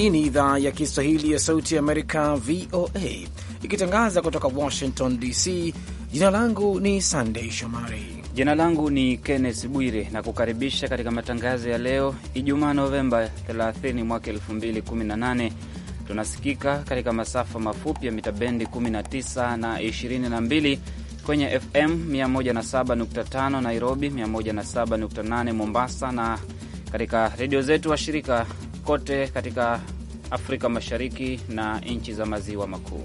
Hii ni idhaa ya Kiswahili ya Sauti ya Amerika, VOA, ikitangaza kutoka Washington DC. Jina langu ni Sandei Shomari. Jina langu ni Kenneth Bwire na kukaribisha katika matangazo ya leo Ijumaa Novemba 30 mwaka 2018. Tunasikika katika masafa mafupi ya mita bendi 19 na 22 kwenye FM 107.5 Nairobi, 107.8 Mombasa na katika redio zetu washirika kote katika Afrika Mashariki na nchi za maziwa makuu.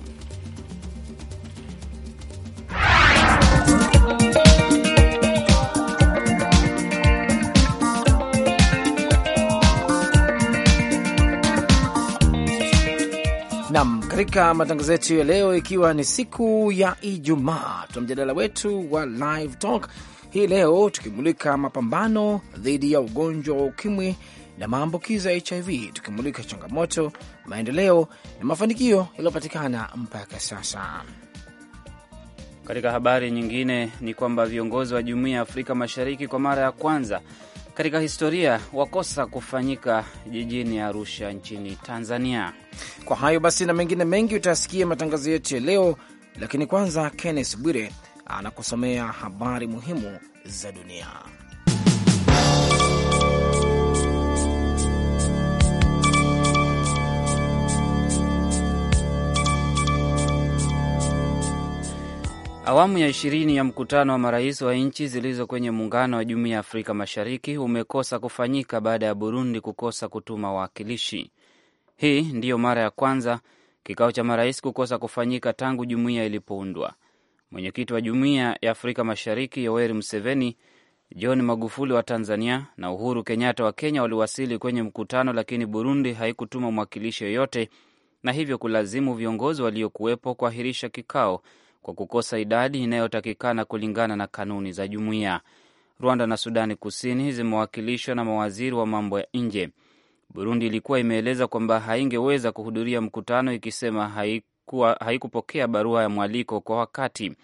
Nam, katika matangazo yetu ya leo, ikiwa ni siku ya Ijumaa, tuna mjadala wetu wa live talk hii leo tukimulika mapambano dhidi ya ugonjwa wa ukimwi na maambukizo ya HIV, tukimulika changamoto, maendeleo na mafanikio yaliyopatikana mpaka sasa. Katika habari nyingine ni kwamba viongozi wa Jumuiya ya Afrika Mashariki kwa mara ya kwanza katika historia wakosa kufanyika jijini Arusha nchini Tanzania. Kwa hayo basi na mengine mengi utasikia matangazo yetu ya leo, lakini kwanza Kenneth Bwire anakusomea habari muhimu za dunia. Awamu ya ishirini ya mkutano wa marais wa nchi zilizo kwenye muungano wa jumuiya ya Afrika Mashariki umekosa kufanyika baada ya Burundi kukosa kutuma wawakilishi. Hii ndiyo mara ya kwanza kikao cha marais kukosa kufanyika tangu jumuiya ilipoundwa. Mwenyekiti wa jumuiya ya Afrika Mashariki Yoweri Museveni, John Magufuli wa Tanzania na Uhuru Kenyatta wa Kenya waliwasili kwenye mkutano, lakini Burundi haikutuma mwakilishi yoyote na hivyo kulazimu viongozi waliokuwepo kuahirisha kikao kwa kukosa idadi inayotakikana kulingana na kanuni za jumuiya. Rwanda na Sudani Kusini zimewakilishwa na mawaziri wa mambo ya nje. Burundi ilikuwa imeeleza kwamba haingeweza kuhudhuria mkutano ikisema haikuwa, haikupokea barua ya mwaliko kwa wakati.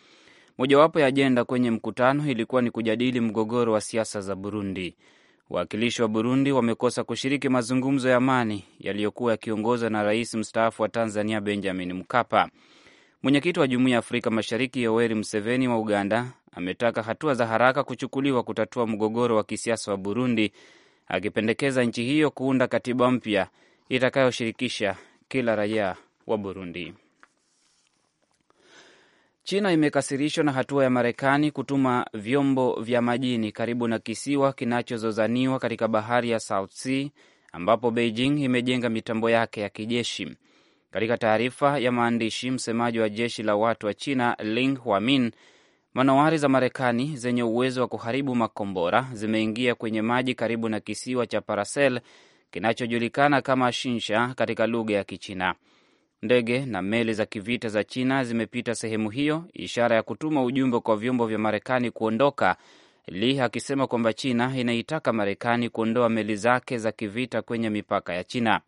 Mojawapo ya ajenda kwenye mkutano ilikuwa ni kujadili mgogoro wa siasa za Burundi. Wawakilishi wa Burundi wamekosa kushiriki mazungumzo ya amani yaliyokuwa yakiongozwa na rais mstaafu wa Tanzania Benjamin Mkapa. Mwenyekiti wa Jumuiya ya Afrika Mashariki Yoweri Museveni wa Uganda ametaka hatua za haraka kuchukuliwa kutatua mgogoro wa kisiasa wa Burundi, akipendekeza nchi hiyo kuunda katiba mpya itakayoshirikisha kila raia wa Burundi. China imekasirishwa na hatua ya Marekani kutuma vyombo vya majini karibu na kisiwa kinachozozaniwa katika bahari ya South Sea ambapo Beijing imejenga mitambo yake ya kijeshi. Katika taarifa ya maandishi, msemaji wa jeshi la watu wa China Ling Huamin, manowari za Marekani zenye uwezo wa kuharibu makombora zimeingia kwenye maji karibu na kisiwa cha Paracel kinachojulikana kama Shinsha katika lugha ya Kichina. Ndege na meli za kivita za China zimepita sehemu hiyo, ishara ya kutuma ujumbe kwa vyombo vya Marekani kuondoka. Li akisema kwamba China inaitaka Marekani kuondoa meli zake za kivita kwenye mipaka ya China.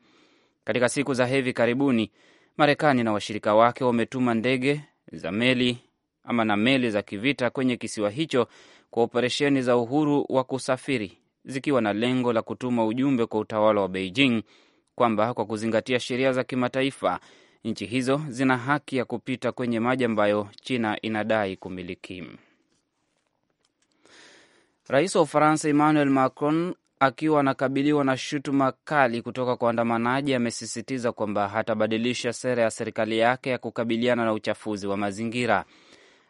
Katika siku za hivi karibuni, Marekani na washirika wake wametuma ndege za meli ama na meli za kivita kwenye kisiwa hicho kwa operesheni za uhuru wa kusafiri zikiwa na lengo la kutuma ujumbe kwa utawala wa Beijing kwamba kwa kuzingatia sheria za kimataifa nchi hizo zina haki ya kupita kwenye maji ambayo China inadai kumiliki. Rais wa Ufaransa Emmanuel Macron akiwa anakabiliwa na shutuma kali kutoka kwa waandamanaji, amesisitiza kwamba hatabadilisha sera ya serikali yake ya kukabiliana na uchafuzi wa mazingira.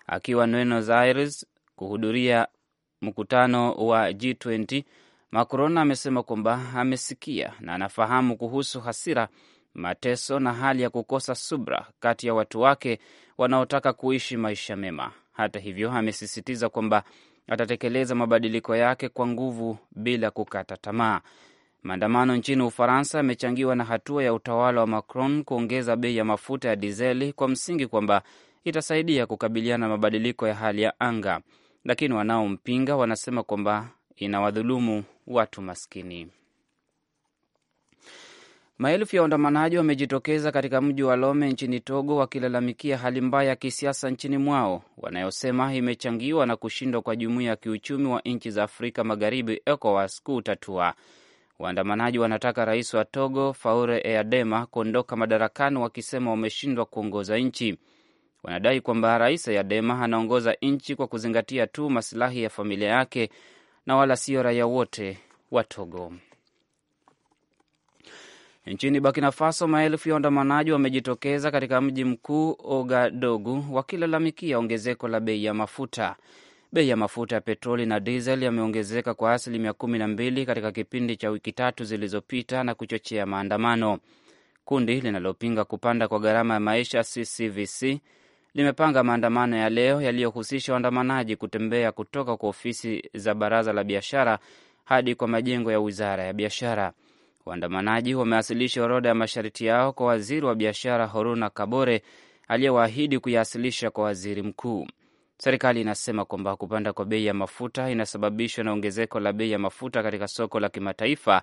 Akiwa Buenos Aires kuhudhuria mkutano wa G20, Macron amesema kwamba amesikia na anafahamu kuhusu hasira, mateso na hali ya kukosa subra kati ya watu wake wanaotaka kuishi maisha mema. Hata hivyo, amesisitiza kwamba atatekeleza mabadiliko yake kwa nguvu bila kukata tamaa. Maandamano nchini Ufaransa yamechangiwa na hatua ya utawala wa Macron kuongeza bei ya mafuta ya dizeli kwa msingi kwamba itasaidia kukabiliana na mabadiliko ya hali ya anga, lakini wanaompinga wanasema kwamba inawadhulumu watu maskini. Maelfu ya waandamanaji wamejitokeza katika mji wa Lome nchini Togo wakilalamikia hali mbaya ya kisiasa nchini mwao wanayosema imechangiwa na kushindwa kwa jumuiya ya kiuchumi wa nchi za Afrika Magharibi, ECOWAS, kuutatua. Waandamanaji wanataka rais wa Togo Faure Eyadema kuondoka madarakani, wakisema wameshindwa kuongoza nchi. Wanadai kwamba rais Eyadema anaongoza nchi kwa kuzingatia tu masilahi ya familia yake na wala sio raia wote wa Togo. Nchini Burkina Faso, maelfu ya waandamanaji wamejitokeza katika mji mkuu ogadogu wakilalamikia ongezeko la bei ya mafuta. Bei ya mafuta ya petroli na dizeli yameongezeka kwa asilimia kumi na mbili katika kipindi cha wiki tatu zilizopita na kuchochea maandamano. Kundi linalopinga kupanda kwa gharama ya maisha CCVC limepanga maandamano ya leo yaliyohusisha waandamanaji kutembea kutoka kwa ofisi za baraza la biashara hadi kwa majengo ya wizara ya biashara. Waandamanaji wamewasilisha orodha ya masharti yao kwa waziri wa biashara Horuna Kabore aliyewaahidi kuyawasilisha kwa waziri mkuu. Serikali inasema kwamba kupanda kwa bei ya mafuta inasababishwa na ongezeko la bei ya mafuta katika soko la kimataifa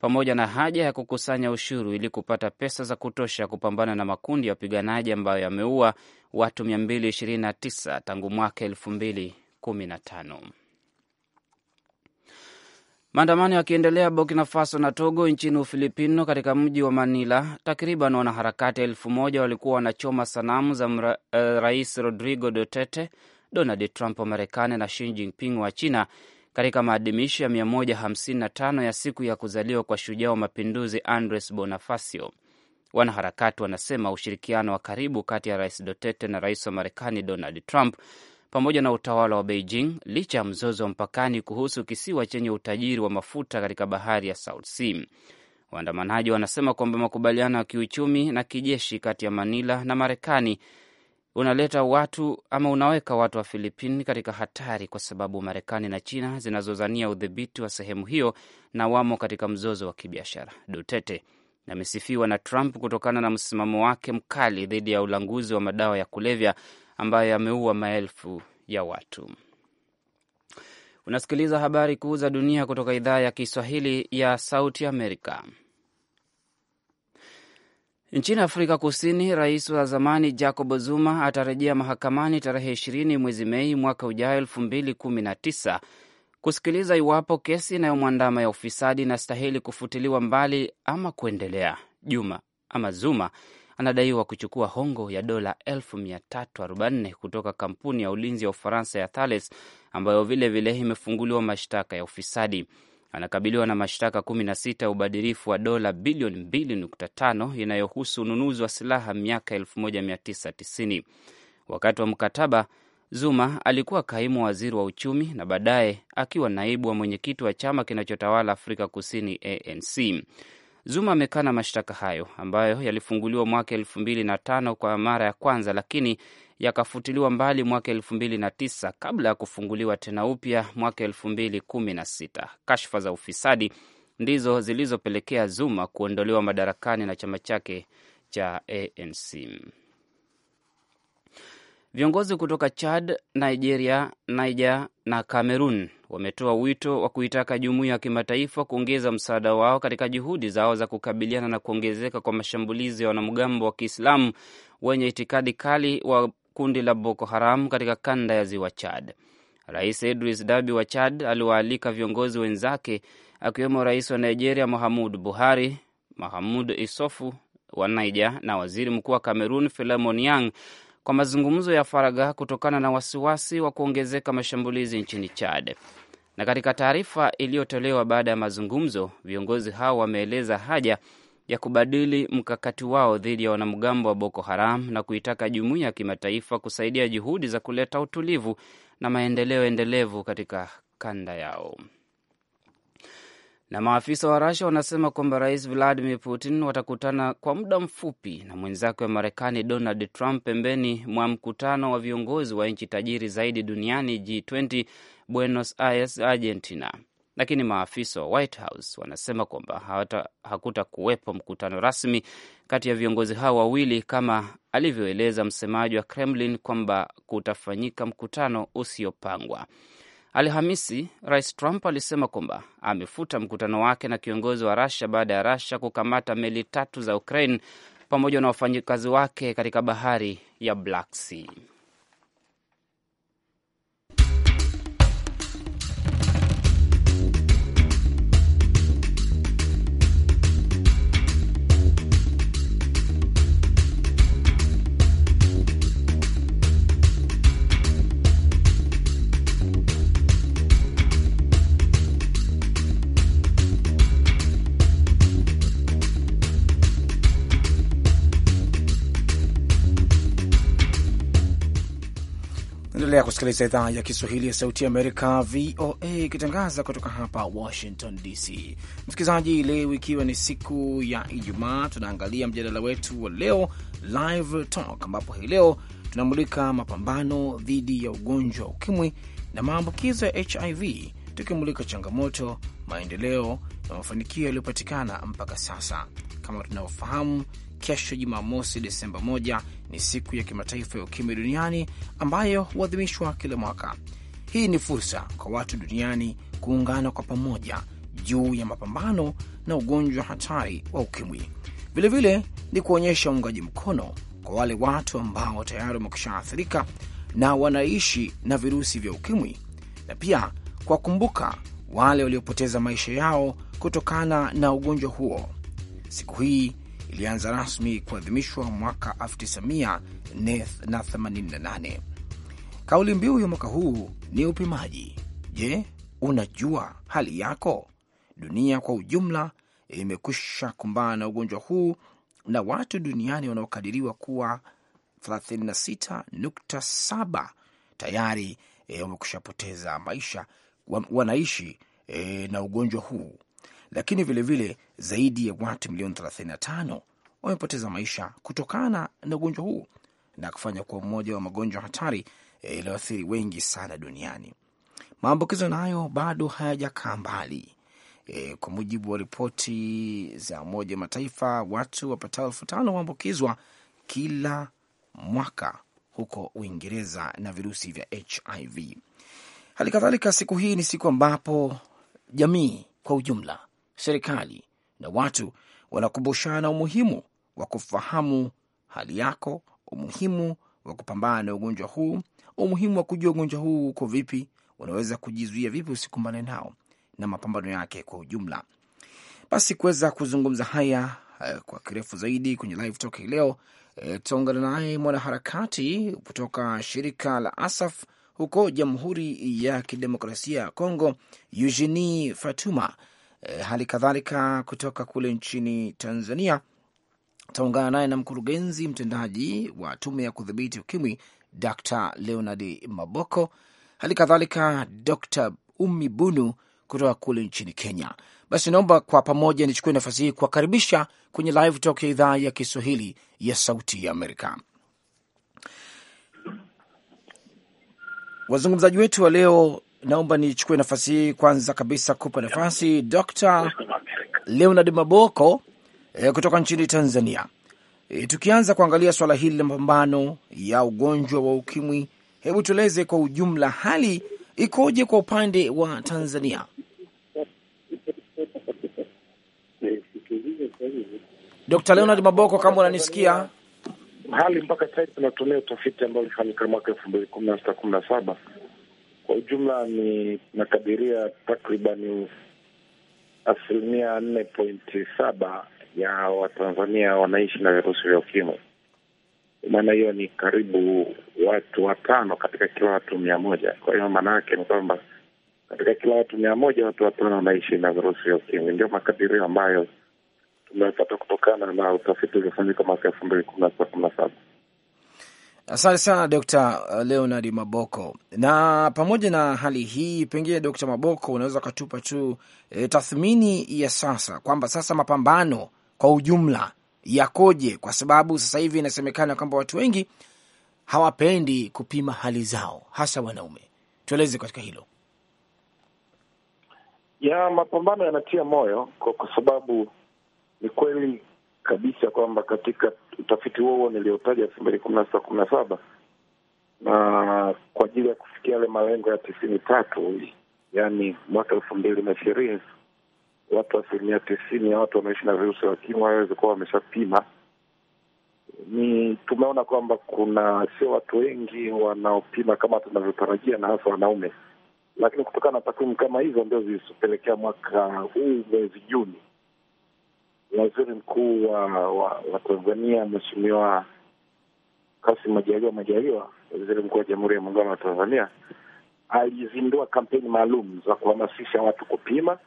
pamoja na haja ya kukusanya ushuru ili kupata pesa za kutosha kupambana na makundi ya wapiganaji ambayo yameua watu 229 tangu mwaka 2015. Maandamano yakiendelea Burkina Faso na Togo nchini Ufilipino, katika mji wa Manila, takriban wanaharakati elfu moja walikuwa wanachoma sanamu za mra, uh, rais Rodrigo Duterte, Donald Trump wa Marekani na Xi Jinping wa China katika maadhimisho ya 155 ya siku ya kuzaliwa kwa shujaa wa mapinduzi Andres Bonifacio. Wanaharakati wanasema ushirikiano wa karibu kati ya rais Duterte na rais wa Marekani Donald Trump pamoja na utawala wa Beijing licha ya mzozo wa mpakani kuhusu kisiwa chenye utajiri wa mafuta katika bahari ya South Sea. Waandamanaji wanasema kwamba makubaliano ya kiuchumi na kijeshi kati ya Manila na Marekani unaleta watu ama unaweka watu wa Filipini katika hatari kwa sababu Marekani na China zinazozania udhibiti wa sehemu hiyo na wamo katika mzozo wa kibiashara. Duterte amesifiwa na Trump kutokana na msimamo wake mkali dhidi ya ulanguzi wa madawa ya kulevya ambaye ameua maelfu ya watu. Unasikiliza habari kuu za dunia kutoka idhaa ya Kiswahili ya Sauti Amerika. Nchini Afrika Kusini, rais wa zamani Jacob Zuma atarejea mahakamani tarehe ishirini mwezi Mei mwaka ujao elfu kusikiliza iwapo kesi inayomwandama ya ufisadi inastahili kufutiliwa mbali ama kuendelea. Juma ama Zuma anadaiwa kuchukua hongo ya dola 340 kutoka kampuni ya ulinzi ya Ufaransa ya Thales ambayo vilevile vile imefunguliwa mashtaka ya ufisadi. Anakabiliwa na mashtaka 16 ya ubadhirifu wa dola bilioni 2.5 inayohusu ununuzi wa silaha miaka 1990. Wakati wa mkataba, Zuma alikuwa kaimu waziri wa uchumi na baadaye akiwa naibu wa mwenyekiti wa chama kinachotawala Afrika Kusini, ANC. Zuma amekana mashtaka hayo ambayo yalifunguliwa mwaka elfu mbili na tano kwa mara ya kwanza, lakini yakafutiliwa mbali mwaka elfu mbili na tisa kabla ya kufunguliwa tena upya mwaka elfu mbili kumi na sita. Kashfa za ufisadi ndizo zilizopelekea Zuma kuondolewa madarakani na chama chake cha ANC. Viongozi kutoka Chad, Nigeria, Niger na Cameroon wametoa wito wa kuitaka jumuiya ya kimataifa kuongeza msaada wao katika juhudi zao za kukabiliana na kuongezeka kwa mashambulizi ya wanamgambo wa Kiislamu wenye itikadi kali wa kundi la Boko Haram katika kanda ya ziwa Chad. Rais Idris Dabi wa Chad aliwaalika viongozi wenzake akiwemo rais wa Nigeria Muhammadu Buhari, Mahamud Isofu wa Niger na waziri mkuu wa Cameroon Filemon Yang kwa mazungumzo ya faragha kutokana na wasiwasi wa kuongezeka mashambulizi nchini Chad. Na katika taarifa iliyotolewa baada ya mazungumzo, viongozi hao wameeleza haja ya kubadili mkakati wao dhidi ya wanamgambo wa Boko Haram na kuitaka jumuiya ya kimataifa kusaidia juhudi za kuleta utulivu na maendeleo endelevu katika kanda yao na maafisa wa rasia wanasema kwamba rais Vladimir Putin watakutana kwa muda mfupi na mwenzake wa Marekani Donald Trump pembeni mwa mkutano wa viongozi wa nchi tajiri zaidi duniani G20 Buenos Aires, Argentina. Lakini maafisa wa White House wanasema kwamba hakutakuwepo mkutano rasmi kati ya viongozi hao wawili, kama alivyoeleza msemaji wa Kremlin kwamba kutafanyika mkutano usiopangwa. Alhamisi, Rais Trump alisema kwamba amefuta mkutano wake na kiongozi wa Rasia baada ya Rasia kukamata meli tatu za Ukraine pamoja na wafanyakazi wake katika bahari ya Black Sea. Unaendelea kusikiliza idhaa ya Kiswahili ya Sauti ya Amerika, VOA, ikitangaza kutoka hapa Washington DC. Msikilizaji, leo ikiwa ni siku ya Ijumaa, tunaangalia mjadala wetu wa leo, Live Talk, ambapo hii leo tunamulika mapambano dhidi ya ugonjwa wa ukimwi na maambukizo ya HIV, tukimulika changamoto, maendeleo na mafanikio yaliyopatikana mpaka sasa. Kama tunavyofahamu Kesho Jumamosi, Desemba moja, ni siku ya kimataifa ya ukimwi duniani ambayo huadhimishwa kila mwaka. Hii ni fursa kwa watu duniani kuungana kwa pamoja juu ya mapambano na ugonjwa hatari wa ukimwi. Vilevile ni kuonyesha uungaji mkono kwa wale watu ambao tayari wamekushaathirika na wanaishi na virusi vya ukimwi, na pia kuwakumbuka wale waliopoteza maisha yao kutokana na ugonjwa huo. Siku hii ilianza rasmi kuadhimishwa mwaka 1988. Kauli mbiu ya mwaka huu ni upimaji. Je, unajua hali yako? Dunia kwa ujumla imekwisha kumbana na ugonjwa huu na watu duniani wanaokadiriwa kuwa 36.7 tayari e, wamekusha poteza maisha, wanaishi e, na ugonjwa huu, lakini vilevile zaidi ya watu milioni 35 wamepoteza maisha kutokana na ugonjwa huu na kufanya kuwa mmoja wa magonjwa hatari yaliyoathiri wengi sana duniani. Maambukizo nayo bado hayajakaa mbali. E, kwa mujibu wa ripoti za Umoja Mataifa, watu wapatao elfu tano waambukizwa kila mwaka huko Uingereza na virusi vya HIV. Hali kadhalika, siku hii ni siku ambapo jamii kwa ujumla, serikali, na watu wanakumbushana umuhimu wa kufahamu hali yako, umuhimu wa kupambana na ugonjwa huu, umuhimu wa kujua ugonjwa huu uko vipi, unaweza kujizuia vipi usikumbane nao, na mapambano yake kwa ujumla. Basi kuweza kuzungumza haya eh, kwa kirefu zaidi kwenye live talk hii leo e, eh, tutaungana naye mwanaharakati kutoka shirika la ASAF huko Jamhuri ya Kidemokrasia ya Kongo, Eugenie Fatuma Eh, hali kadhalika kutoka kule nchini Tanzania taungana naye na mkurugenzi mtendaji wa tume ya kudhibiti ukimwi Dr. Leonard Maboko, hali kadhalika Dr. umi Bunu kutoka kule nchini Kenya. Basi naomba kwa pamoja nichukue nafasi hii kuwakaribisha kwenye live talk ya idhaa ya Kiswahili ya Sauti ya Amerika. Wazungumzaji wetu wa leo naomba nichukue nafasi hii kwanza kabisa kupa nafasi Dr. Leonard Maboko eh, kutoka nchini Tanzania. E, tukianza kuangalia swala hili la mapambano ya ugonjwa wa ukimwi, hebu tueleze kwa ujumla hali ikoje kwa upande wa Tanzania? Dr. Leonard Maboko, kama unanisikia hali mpaka sasa, tunatumia utafiti ambao ulifanyika mwaka elfu mbili kumi na sita kumi na saba kwa ujumla ni nakadiria takriban asilimia nne pointi saba ya Watanzania wanaishi na virusi vya ukimwi. Maana hiyo ni karibu watu watano katika kila watu mia moja. Kwa hiyo maana yake ni kwamba katika kila watu mia moja watu watano wanaishi na virusi vya ukimwi. Ndio makadirio ambayo tumepata kutokana na utafiti uliofanyika mwaka elfu mbili kumi kumi na saba Asante sana Dr. Uh, Leonard Maboko. Na pamoja na hali hii, pengine Dr. Maboko, unaweza ukatupa tu e, tathmini ya sasa kwamba sasa mapambano kwa ujumla yakoje, kwa sababu sasa hivi inasemekana kwamba watu wengi hawapendi kupima hali zao, hasa wanaume. Tueleze katika hilo. Ya mapambano yanatia moyo kwa, kwa sababu ni kweli kabisa kwamba katika utafiti huo huo niliotaja elfu mbili kumi na sita kumi na saba na kwa ajili ya kufikia yale malengo ya tisini tatu yaani mwaka elfu mbili na ishirini watu asilimia tisini ya watu wanaishi na virusi vya waweze kuwa wameshapima. Ni tumeona kwamba kuna sio watu wengi wanaopima kama tunavyotarajia, na hasa wanaume, lakini kutokana na takwimu kama hizo ndio zilizopelekea mwaka huu mwezi Juni waziri mkuu wa, wa, wa Tanzania Mheshimiwa Kassim Majaliwa Majaliwa, waziri mkuu wa Jamhuri ya Muungano wa Tanzania, alizindua kampeni maalum za kuhamasisha watu kupima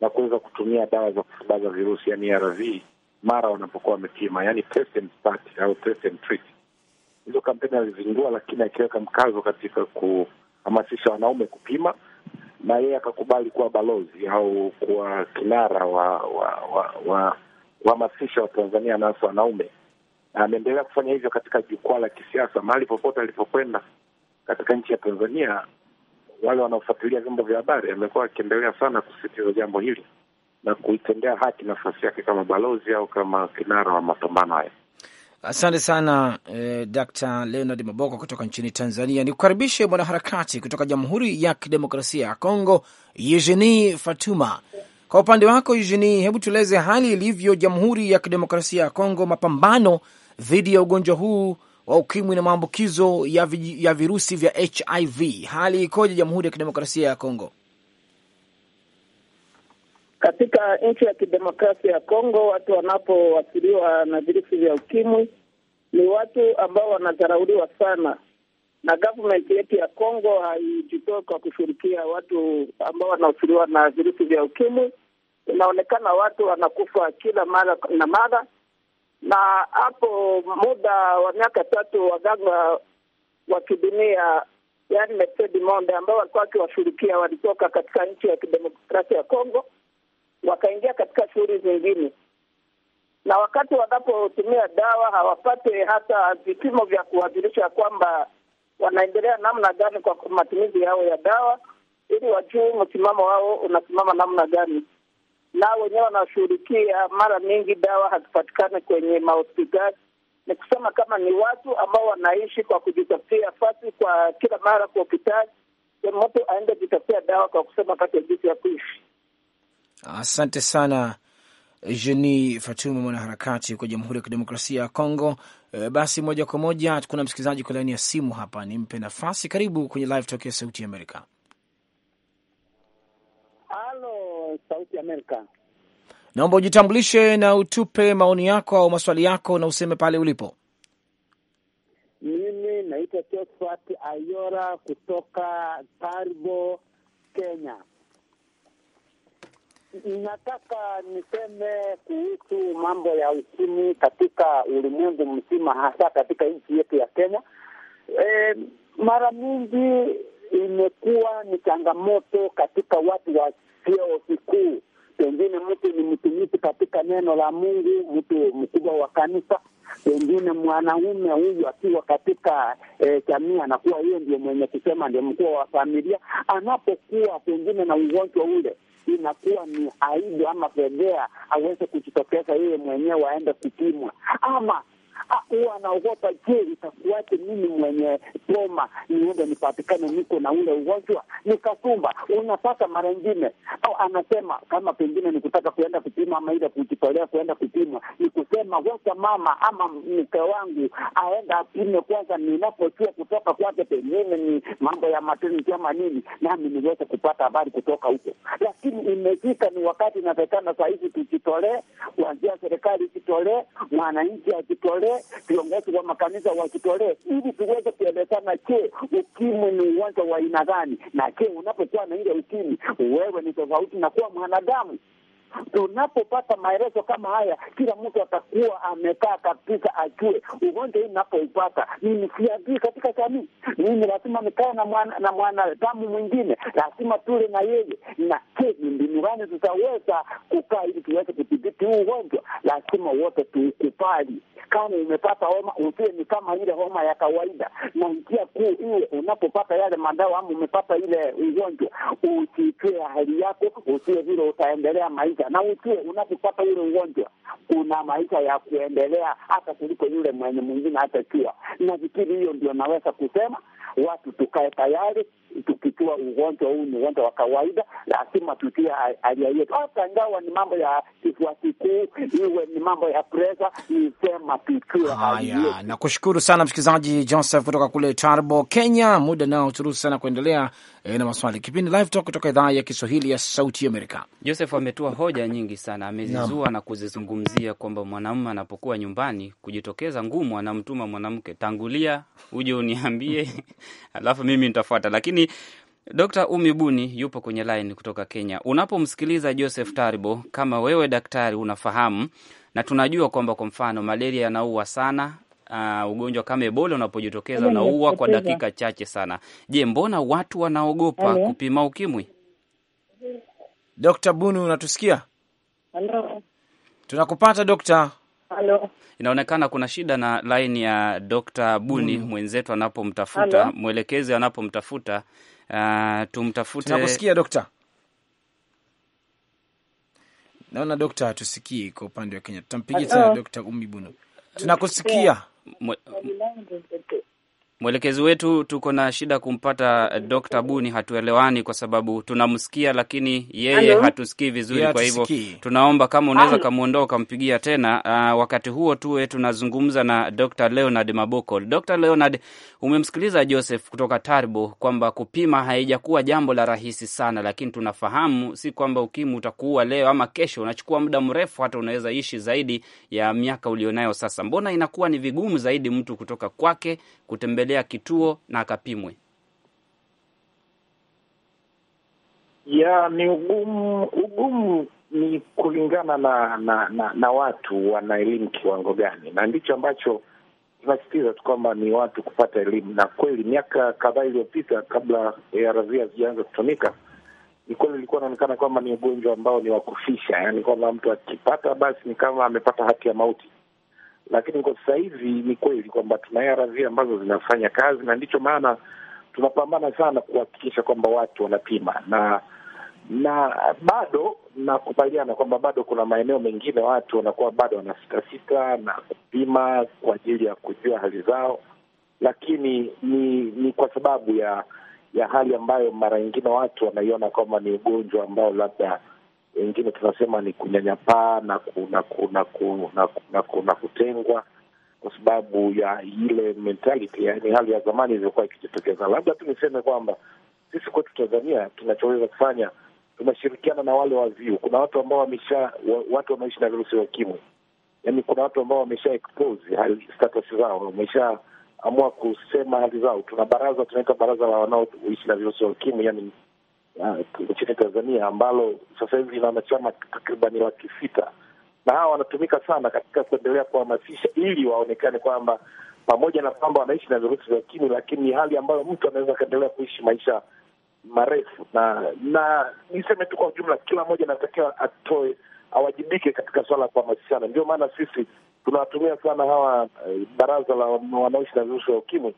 na kuweza kutumia dawa za kusambaza virusi, yani ARV mara wanapokuwa wamepima, yani test and start au test and treat. Hizo kampeni alizindua, lakini akiweka mkazo katika kuhamasisha wanaume kupima, na yeye akakubali kuwa balozi au kuwa kinara wa wa wa, wa kuhamasisha Watanzania na hasa wanaume, na ameendelea kufanya hivyo katika jukwaa la kisiasa mahali popote alipokwenda katika nchi ya Tanzania. Wale wanaofuatilia vyombo vya habari, amekuwa akiendelea sana kusisitiza jambo hili na kuitendea haki nafasi yake kama balozi au kama kinara wa mapambano haya. Asante sana eh, Dr. Leonard Maboko kutoka nchini Tanzania. Ni kukaribishe mwanaharakati kutoka Jamhuri ya Kidemokrasia ya Kongo, Eugenie Fatuma. Kwa upande wako Eugenie, hebu tueleze hali ilivyo Jamhuri ya Kidemokrasia ya Kongo, mapambano dhidi ya ugonjwa huu wa ukimwi na maambukizo ya, ya virusi vya HIV. Hali ikoje Jamhuri ya Kidemokrasia ya Kongo? Katika nchi ya kidemokrasia ya Kongo, watu wanapoathiriwa na virusi vya ukimwi ni watu ambao wanadharauliwa sana na government yetu ya congo haichukue kwa kushughulikia watu ambao wanaosuriwa na virusi vya ukimwi. Inaonekana watu wanakufa kila mara na mara, na hapo muda wa miaka tatu waganga wa kidunia yaani Methodi Monde ambao walikuwa wakiwashughulikia walitoka katika nchi ya kidemokrasia ya Kongo wakaingia katika shughuli zingine, na wakati wanapotumia dawa hawapate hata vipimo vya kuadhirisha kwamba wanaendelea namna gani kwa matumizi yao ya dawa, ili wajue msimamo wao unasimama namna gani, na wenyewe wanashughulikia. Mara nyingi dawa hazipatikani kwenye mahospitali. Ni kusema kama ni watu ambao wanaishi kwa kujitafutia fasi kwa kila mara kwa hospitali, mtu aende kujitafutia dawa kwa kusema kati ya jinsi ya kuishi. Asante sana Jeni Fatuma, mwanaharakati kwa Jamhuri ya Kidemokrasia ya Kongo, E, basi moja kwa moja kuna msikilizaji kwa laini ya simu hapa, nimpe nafasi. Karibu kwenye live talk ya Sauti ya Amerika. Halo, Sauti ya Amerika, naomba ujitambulishe na utupe maoni yako au maswali yako na useme pale ulipo. Mimi naitwa Josephat Ayora kutoka Tarbo, Kenya nataka niseme kuhusu mambo ya uchumi katika ulimwengu mzima, hasa katika nchi yetu ya Kenya. E, mara nyingi imekuwa ni changamoto katika watu wa vyeo vikuu. Pengine mtu ni mtumishi katika neno la Mungu, mtu mkubwa wa kanisa, pengine mwanaume huyu akiwa katika e, anakuwa yeye ndio mwenye kusema, ndio mkuu wa familia. Anapokuwa pengine na ugonjwa ule inakuwa ni aibu ama fedhea aweze kujitokeza yeye mwenyewe aende kupimwa ama ah, huwa anaogopa, je, itakuwaje mimi mwenye poma niende nipatikane niko na ule ugonjwa nikasumba? Unapata mara ingine, au anasema kama pengine ni kutaka kuenda kupima ama ile kujitolea kuenda kupimwa, ni kusema wacha mama ama mke wangu aenda apime kwanza, ninapochua kutoka kwake pengine ni mambo ya maternity ama nini, nami niweze kupata habari kutoka huko lakini imefika ni wakati inatakikana saa hizi tujitolee, kuanzia serikali ijitolee, mwananchi ajitolee, viongozi wa makanisa wajitolee, ili tuweze kuelezana. Je, ukimwi ni ugonjwa wa aina gani? Na je, unapokuwa na ile ukimwi, wewe ni tofauti na kuwa mwanadamu? Tunapopata maelezo kama haya, kila mtu atakuwa amekaa kabisa, ajue ugonjwa hii napoipata mimi siadii katika jamii, mimi lazima nikae na mwana na mwanadamu mwingine, lazima tule na yeye, na je, ni mbinu gani tutaweza kukaa ili tuweze kudhibiti huu ugonjwa? Lazima wote tuukubali kama umepata homa usiwe ni kama ile homa ya kawaida, na njia kuu ile unapopata yale madawa ama umepata ile ugonjwa, usiitwe hali yako, usie vile utaendelea maisha, na usiwe unapopata ule ugonjwa kuna maisha ya kuendelea hata kuliko yule mwenye mwingine hata kiwa na vikili. Hiyo ndio naweza kusema watu tukae tayari tukitua ugonjwa huu ni ugonjwa wa kawaida, lazima tutie hali yetu, hata ingawa ni mambo ya kifua kikuu, iwe ni mambo ya presa, ni sema tutie hali Nakushukuru sana msikilizaji Joseph kutoka kule Tarbo, Kenya. Muda nao turuhusu sana kuendelea eh, na maswali. Kipindi Live Talk kutoka idhaa ya Kiswahili ya Sauti Amerika. Joseph ametoa hoja nyingi sana, amezizua na kuzizungumzia kwamba mwanamume anapokuwa nyumbani kujitokeza ngumu, anamtuma mwanamke, tangulia uje uniambie alafu mimi nitafuata. Lakini Dr Umi Buni yupo kwenye line kutoka Kenya. Unapomsikiliza Joseph Taribo, kama wewe daktari unafahamu, na tunajua kwamba kwa mfano malaria yanaua sana. Uh, ugonjwa kama Ebola unapojitokeza unaua kwa dakika chache sana. Je, mbona watu wanaogopa kupima ukimwi? Dr Buni, unatusikia? Hello. Tunakupata dokta. Halo. Inaonekana kuna shida na line ya Dr. Buni mm. mwenzetu anapomtafuta mwelekezi anapomtafuta, uh, tumtafute. Tunakusikia dokta. Naona dokta hatusikii kwa upande wa Kenya, tutampigia tena Dr. Umibunu. Tunakusikia. Mwelekezi wetu tuko na shida kumpata eh, Dr. Buni, hatuelewani kwa sababu tunamsikia lakini yeye hatusikii vizuri yeah, Kwa hivyo tunaomba kama unaweza kamwondoa ukampigia tena. Uh, wakati huo tuwe tunazungumza na Dr. Leonard Maboko. Dr. Leonard, umemsikiliza Joseph kutoka Taribo kwamba kupima haijakuwa jambo la rahisi sana, lakini tunafahamu si kwamba ukimwi utakuua leo ama kesho, unachukua muda mrefu, hata unaweza ishi zaidi ya miaka ulionayo sasa. Mbona inakuwa ni vigumu zaidi mtu kutoka kwake kutembea kutembelea kituo na akapimwe? Ya, ni ugumu ugumu ni kulingana na na, na, na watu wana elimu kiwango gani, na ndicho ambacho tunasisitiza tu kwamba ni watu kupata elimu. Na kweli miaka kadhaa iliyopita, kabla ARV hazijaanza kutumika, ni kweli ilikuwa inaonekana kwamba ni ugonjwa ambao ni wa kufisha, yaani kwamba mtu akipata basi ni kama amepata hati ya mauti lakini kwa sasa hivi ni kweli kwamba tuna ARV ambazo zinafanya kazi, na ndicho maana tunapambana sana kuhakikisha kwamba watu wanapima na na bado nakubaliana kwamba bado kuna maeneo mengine watu wanakuwa bado wanasitasita na kupima kwa ajili ya kujua hali zao, lakini ni ni kwa sababu ya ya hali ambayo mara nyingine watu wanaiona kwamba ni ugonjwa ambao labda wengine tunasema ni kunyanyapaa na kuna kuna kuna kuna kutengwa kwa sababu ya ile mentality, yaani hali ya zamani ilivyokuwa ikijitokeza. Labda tu niseme kwamba sisi kwetu Tanzania tunachoweza kufanya, tunashirikiana na wale waziu. Kuna watu ambao wamesha watu wanaishi na virusi vya ukimwi, yaani kuna watu ambao wamesha expose hali status zao, wameshaamua kusema hali zao. Tuna baraza tunaita baraza la wanaoishi na virusi vya ukimwi, yani nchini Tanzania ambalo sasa hivi ina wanachama takribani laki sita na hawa wanatumika sana katika kuendelea kuhamasisha ili waonekane kwamba pamoja na kwamba wanaishi na virusi vya ukimwi, lakini ni hali ambayo mtu anaweza akaendelea kuishi maisha marefu. Na na niseme tu kwa ujumla, kila mmoja anatakiwa atoe, awajibike katika suala la kuhamasishana. Ndio maana sisi tunawatumia sana hawa eh, baraza la wanaoishi na virusi vya ukimwi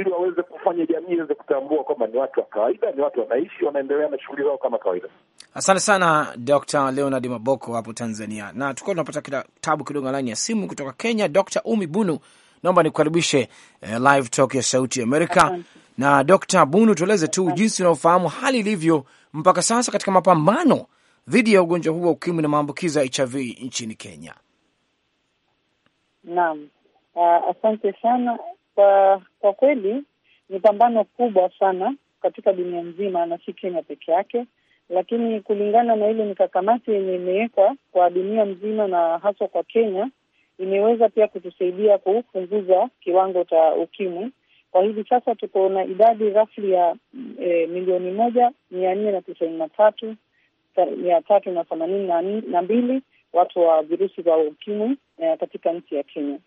ili waweze kufanya jamii iweze kutambua kwamba ni watu wa kawaida, ni watu wanaishi, wanaendelea na shughuli zao kama kawaida. Asante sana Dr. Leonard Maboko hapo Tanzania. Na tukuwa tunapata kitabu kidogo laini ya simu kutoka Kenya. Dr. Umi Bunu, naomba nikukaribishe eh, live talk ya Sauti Amerika. Na Dr. Bunu, tueleze tu jinsi unaofahamu hali ilivyo mpaka sasa katika mapambano dhidi ya ugonjwa huu wa ukimwi na maambukizo ya HIV nchini Kenya. Naam, uh, asante sana kwa kwa kweli ni pambano kubwa sana katika dunia nzima na si Kenya peke yake, lakini kulingana na ile mikakamati yenye imewekwa kwa dunia mzima na haswa kwa Kenya, imeweza pia kutusaidia kupunguza kiwango cha ukimwi. Kwa hivi sasa tuko na idadi rasmi ya e, milioni moja mia nne na tisaini na tatu mia tatu na themanini na mbili watu wa virusi vya ukimwi e, katika nchi ya Kenya.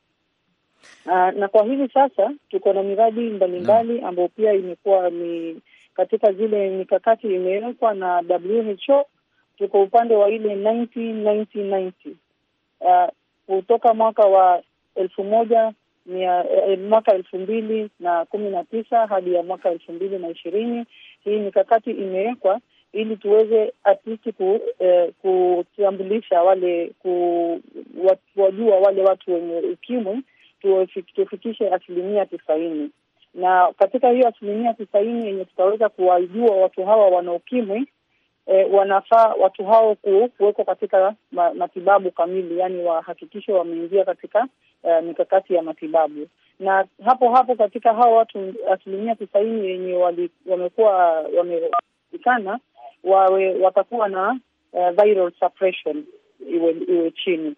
Aa, na kwa hivi sasa tuko na miradi mbalimbali ambayo pia imekuwa ni katika zile mikakati imewekwa na WHO. Tuko upande wa ile 1990 ah, kutoka mwaka wa elfu moja mia, eh, mwaka elfu mbili na kumi na tisa hadi ya mwaka elfu mbili na ishirini. Hii mikakati imewekwa ili tuweze atisi ku, eh, kutambulisha wale ku, wajua wale watu wenye ukimwi tufikishe asilimia tisaini na katika hiyo asilimia tisaini yenye tutaweza kuwajua watu hawa wana ukimwi e, wanafaa watu hao kuwekwa katika matibabu kamili, yani wahakikishe wameingia katika e, mikakati ya matibabu. Na hapo hapo katika hao watu asilimia tisaini yenye wamekuwa wamepatikana wawe watakuwa na uh, viral suppression iwe, iwe chini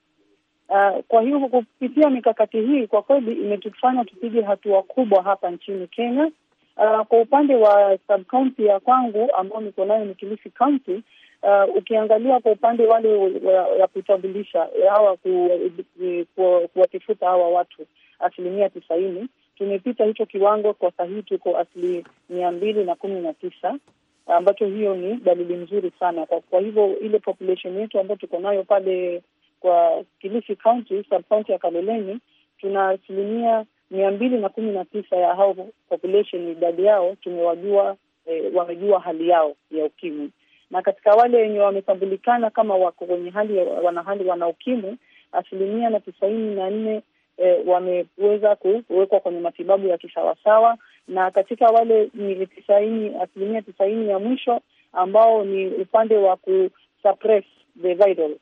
Uh, kwa hiyo kupitia mikakati hii kwa kweli imetufanya tupige hatua kubwa hapa nchini Kenya. Uh, kwa upande wa county ya kwangu ambao niko nayo ni Kilifi County. Uh, ukiangalia kwa upande wale wa kutambulisha hawa kuwatifuta hawa watu asilimia tisaini tumepita hicho kiwango, kwa sahii tuko asilimia mbili na kumi na tisa ambacho hiyo ni dalili nzuri sana kwa, kwa hivyo ile population yetu ambayo tuko nayo pale kwa Kilifi County sub-county ya Kaloleni tuna asilimia mia mbili na kumi na tisa ya hao population idadi yao tumewajua, e, wamejua hali yao ya ukimwi, na katika wale wenye wametambulikana kama wako kwenye hali wana hali wana ukimwi asilimia na tisaini na nne e, wameweza kuwekwa kwenye matibabu ya kisawasawa, na katika wale ni tisaini asilimia tisaini ya mwisho ambao ni upande wa ku suppress the viral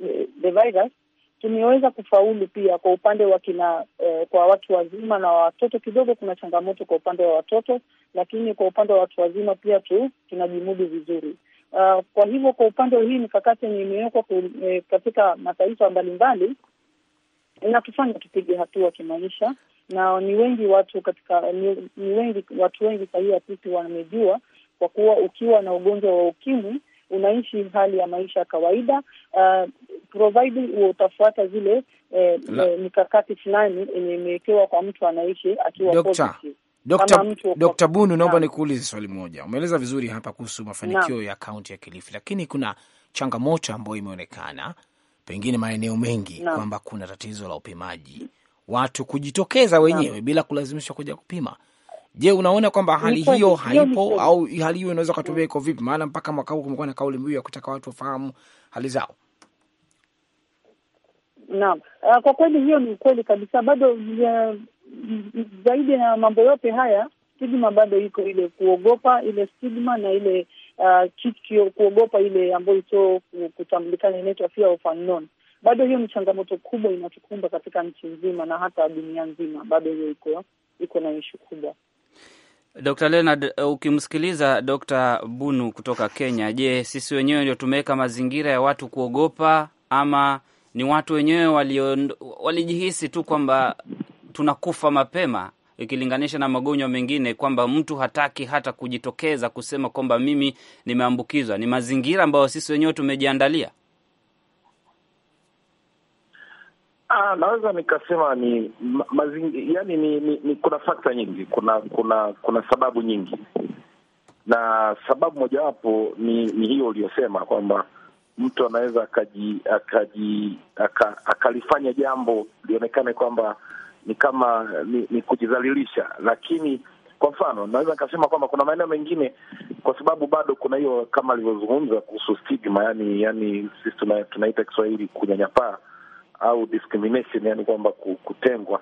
Eh, the virus tumeweza kufaulu pia kwa upande wa kina eh, kwa watu wazima na watoto. Kidogo kuna changamoto kwa upande wa watoto, lakini kwa upande wa watu wazima pia tu tunajimudu vizuri. Uh, kwa hivyo kwa upande hii mikakati yenye imewekwa eh, katika mataifa mbalimbali inatufanya tupige hatua kimaisha, na ni wengi watu katika ni, ni wengi watu wengi sahii Afrika wamejua, kwa kuwa ukiwa na ugonjwa wa ukimwi unaishi hali ya maisha ya kawaida uh, provided utafuata zile eh, eh, mikakati fulani yenye imewekewa kwa mtu anaishi akiwa positive. Dkt. Bunu, naomba nikuulize swali moja. Umeeleza vizuri hapa kuhusu mafanikio ya kaunti ya Kilifi, lakini kuna changamoto ambayo imeonekana pengine maeneo mengi kwamba kuna tatizo la upimaji, watu kujitokeza wenyewe bila kulazimishwa kuja kupima Je, unaona kwamba hali hiyo haipo au hali hiyo inaweza ukatumia iko vipi? Maana mpaka mwaka huu kumekuwa na kauli mbiu ya kutaka watu wafahamu hali zao. Naam, ah, kwa kweli hiyo ni ukweli kabisa. Bado zaidi ya mambo yote haya, stigma bado iko ile kuogopa, ile stigma na ile uh, kuogopa ile ambayo sio kutambulikana, inaitwa fear of unknown. Bado hiyo ni changamoto kubwa inatukumba katika nchi nzima na hata dunia nzima, bado hiyo iko iko na ishu kubwa. Dr Leonard, eh, ukimsikiliza Dr Bunu kutoka Kenya, je, sisi wenyewe ndio tumeweka mazingira ya watu kuogopa ama ni watu wenyewe walijihisi tu kwamba tunakufa mapema ikilinganisha na magonjwa mengine, kwamba mtu hataki hata kujitokeza kusema kwamba mimi nimeambukizwa? Ni mazingira ambayo sisi wenyewe tumejiandalia. Ah, naweza nikasema ni mazingi, yani ni, ni, ni kuna fakta nyingi, kuna kuna kuna sababu nyingi, na sababu mojawapo ni, ni hiyo uliyosema kwamba mtu anaweza akaji, akaji aka, akalifanya jambo lionekane kwamba ni kama ni, ni kujidhalilisha, lakini kwa mfano naweza nikasema kwamba kuna maeneo mengine, kwa sababu bado kuna hiyo kama alivyozungumza kuhusu stigma, yani yani sisi tunaita Kiswahili kunyanyapaa au discrimination, yani kwamba kutengwa,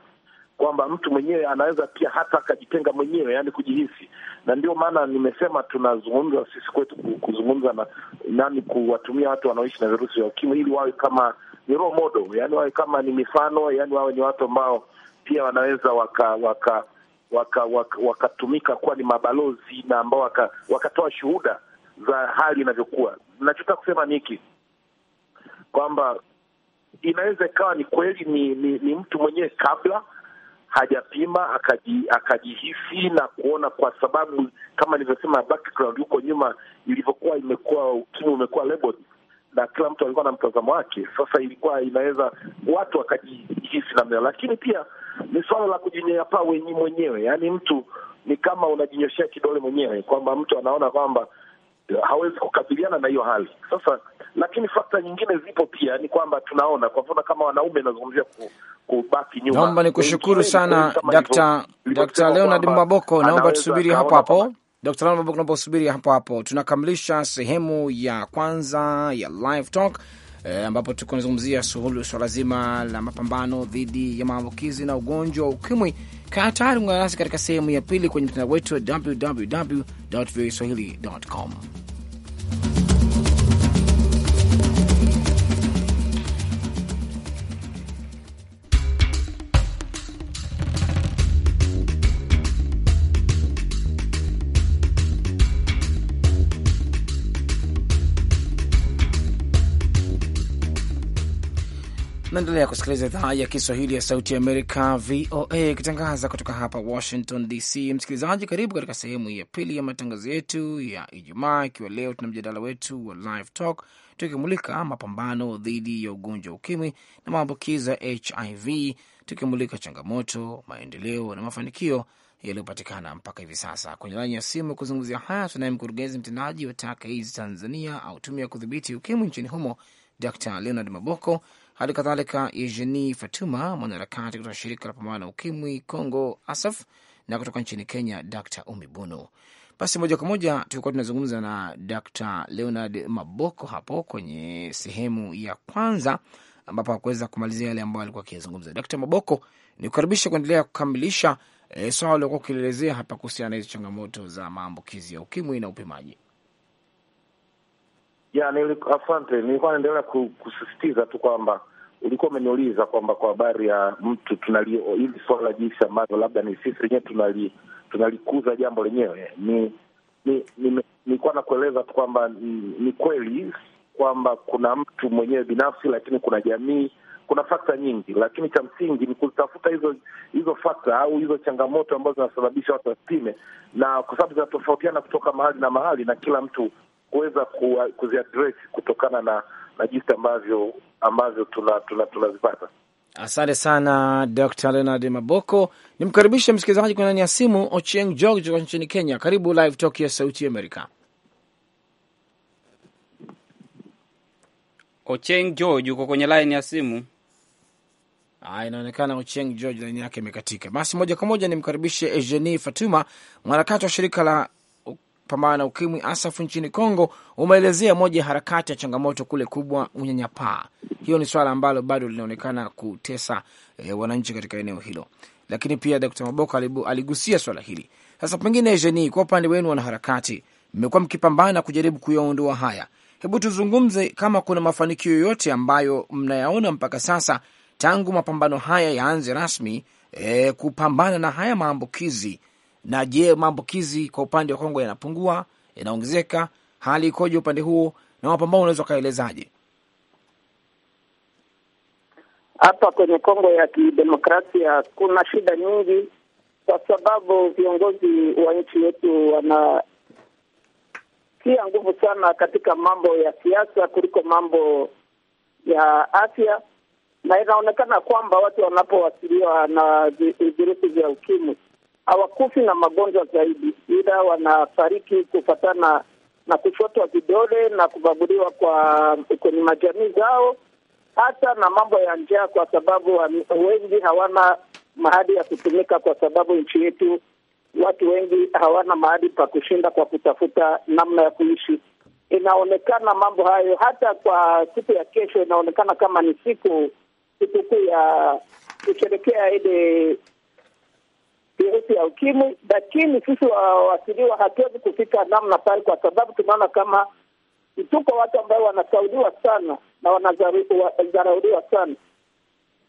kwamba mtu mwenyewe anaweza pia hata akajitenga mwenyewe, yani kujihisi. Na ndio maana nimesema tunazungumza sisi kwetu kuzungumza na nani, kuwatumia watu wanaoishi na virusi vya ukimwi ili wawe kama ni role model, yani wawe kama ni mifano, yani wawe ni watu ambao pia wanaweza waka waka wakatumika waka, waka kuwa ni mabalozi na ambao wakatoa waka shuhuda za hali inavyokuwa. Nachotaka kusema ni hiki kwamba inaweza ikawa ni kweli ni, ni, ni mtu mwenyewe kabla hajapima akaji, akajihisi na kuona, kwa sababu kama nilivyosema background huko nyuma ilivyokuwa, imekuwa ukimwi umekuwa labeled na kila mtu alikuwa na mtazamo wake. Sasa ilikuwa inaweza watu wakajihisi namna, lakini pia ni suala la kujinyanyapaa wenyi mwenyewe, yaani mtu ni kama unajinyoshea kidole mwenyewe, kwamba mtu anaona kwamba hawezi kukabiliana na hiyo hali sasa. Lakini fakta nyingine zipo pia, ni kwamba tunaona kwa mfano kama wanaume, inazungumzia kubaki nyuma. Naomba nikushukuru sana Dr. Leonard Maboko, naomba tusubiri hapo hapo. Dr. Leonard naomba usubiri hapo hapo, tunakamilisha sehemu ya kwanza ya Live Talk e, ambapo tuko nazungumzia swala zima la mapambano dhidi ya maambukizi na ugonjwa wa ukimwi. Kaa tayari, ungana nasi katika sehemu ya pili kwenye mtandao wetu wa www voaswahili com. Naendelea kusikiliza idhaa ya Kiswahili ya Sauti ya Amerika, VOA, ikitangaza kutoka hapa Washington DC. Msikilizaji, karibu katika sehemu ya pili ya matangazo yetu ya Ijumaa, ikiwa leo tuna mjadala wetu wa Live Talk tukimulika mapambano dhidi ya ugonjwa wa ukimwi na maambukizo ya HIV, tukimulika changamoto, maendeleo na mafanikio yaliyopatikana mpaka hivi sasa. Kwenye laini ya simu kuzungumzia haya tunaye mkurugenzi mtendaji wa TAKAIS Tanzania au tume ya kudhibiti ukimwi nchini humo, Dr Leonard Maboko Hali kadhalika Eugenie Fatuma, mwanaharakati kutoka shirika la pambana na ukimwi Congo ASAF, na kutoka nchini Kenya Dr Umibuno. Basi moja kwa moja tulikuwa tunazungumza na Dr Leonard Maboko hapo kwenye sehemu ya kwanza, ambapo hakuweza kumalizia yale ambayo alikuwa akiyazungumza. Dr Maboko, ni kukaribisha kuendelea kukamilisha e, eh, swala uliokuwa ukielezea hapa kuhusiana na hizi changamoto za maambukizi ya ukimwi na upimaji. Ya, nili, asante. Nilikuwa naendelea kusisitiza tu kwamba ulikuwa umeniuliza kwamba kwa habari ya mtu tunali hili swala jinsi ambavyo labda ni sisi wenyewe tunali tunalikuza jambo lenyewe, ni nilikuwa ni, ni nakueleza tu kwamba ni, ni kweli kwamba kuna mtu mwenyewe binafsi, lakini kuna jamii, kuna fakta nyingi, lakini cha msingi ni kutafuta hizo hizo fakta au hizo changamoto ambazo zinasababisha watu wasipime, na kwa sababu zinatofautiana kutoka mahali na mahali, na kila mtu kuweza kuziadresi kutokana na na jinsi ambavyo ambavyo tunazipata tuna, tuna asante sana Dr. Leonard Maboko. Nimkaribishe msikilizaji kwa ndani ya simu Ochieng George kutoka nchini Kenya. Karibu Live Talk ya Sauti Amerika. Ochieng George, uko kwenye line ya simu? Ah, inaonekana Ochieng George line yake imekatika. Basi moja kwa moja nimkaribishe Eugenie Fatuma, mwanakati wa shirika la kupambana na ukimwi ASAFU nchini Kongo umeelezea moja ya harakati ya changamoto kule kubwa unyanyapaa. Hiyo ni swala ambalo bado linaonekana kutesa e, wananchi katika eneo hilo, lakini pia Dkt. Maboko aligusia swala hili. Sasa pengine Jeni, kwa upande wenu wanaharakati, mmekuwa mkipambana kujaribu kuyaondoa haya, hebu tuzungumze kama kuna mafanikio yoyote ambayo mnayaona mpaka sasa tangu mapambano haya yaanze rasmi, e, kupambana na haya maambukizi na je, maambukizi kwa upande wa Kongo yanapungua, yanaongezeka? Hali ikoje upande huo na mapambano, unaweza ukaelezaje? Hapa kwenye Kongo ya Kidemokrasia kuna shida nyingi, kwa sababu viongozi wa nchi yetu tia nguvu sana katika mambo ya siasa kuliko mambo ya afya, na inaonekana kwamba watu wanapowasiliwa na virusi vya ukimwi hawakufi na magonjwa zaidi, ila wanafariki kufatana na kushotwa vidole na kubaguliwa kwa kwenye majamii zao, hata na mambo ya njaa, kwa sababu wengi hawana mahali ya kutumika, kwa sababu nchi yetu watu wengi hawana mahali pa kushinda kwa kutafuta namna ya kuishi. Inaonekana mambo hayo, hata kwa siku ya kesho inaonekana kama ni siku sikukuu ya kusherekea ile virusi ya ukimwi, lakini sisi waathiriwa hatuwezi kufika namna pale, kwa sababu tunaona kama tuko watu ambao wanasaudiwa sana na wanadharauliwa sana.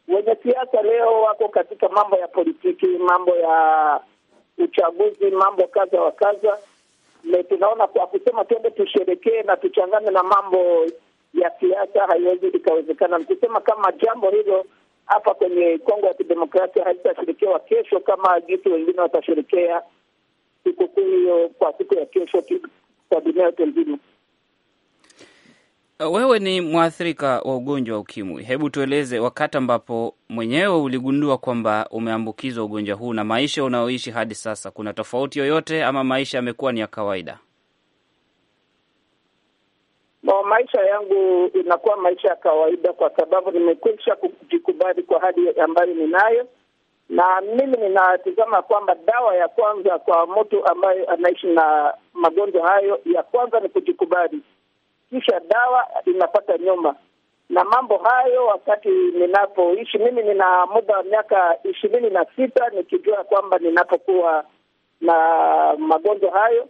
Wenye siasa leo wako katika mambo ya politiki, mambo ya uchaguzi, mambo kadha wa kadha. Tunaona kwa kusema twende tusherekee na tuchangane na mambo ya siasa, haiwezi ikawezekana. Nikusema kama jambo hilo hapa kwenye Kongo ya Kidemokrasia haitashirikiwa kesho kama jitu wengine watasherekea sikukuu hiyo kwa siku ya kesho kwa dunia yote nzima. Uh, wewe ni mwathirika wa ugonjwa wa ukimwi, hebu tueleze wakati ambapo mwenyewe uligundua kwamba umeambukizwa ugonjwa huu na maisha unayoishi hadi sasa, kuna tofauti yoyote ama maisha yamekuwa ni ya kawaida? Mo, maisha yangu inakuwa maisha ya kawaida kwa sababu nimekwisha kujikubali kwa hali ambayo ninayo, na mimi ninatizama kwamba dawa ya kwanza kwa mtu ambaye anaishi na magonjwa hayo, ya kwanza ni kujikubali, kisha dawa inapata nyuma. Na mambo hayo, wakati ninapoishi mimi, nina muda wa miaka ishirini na sita nikijua kwamba ninapokuwa na magonjwa hayo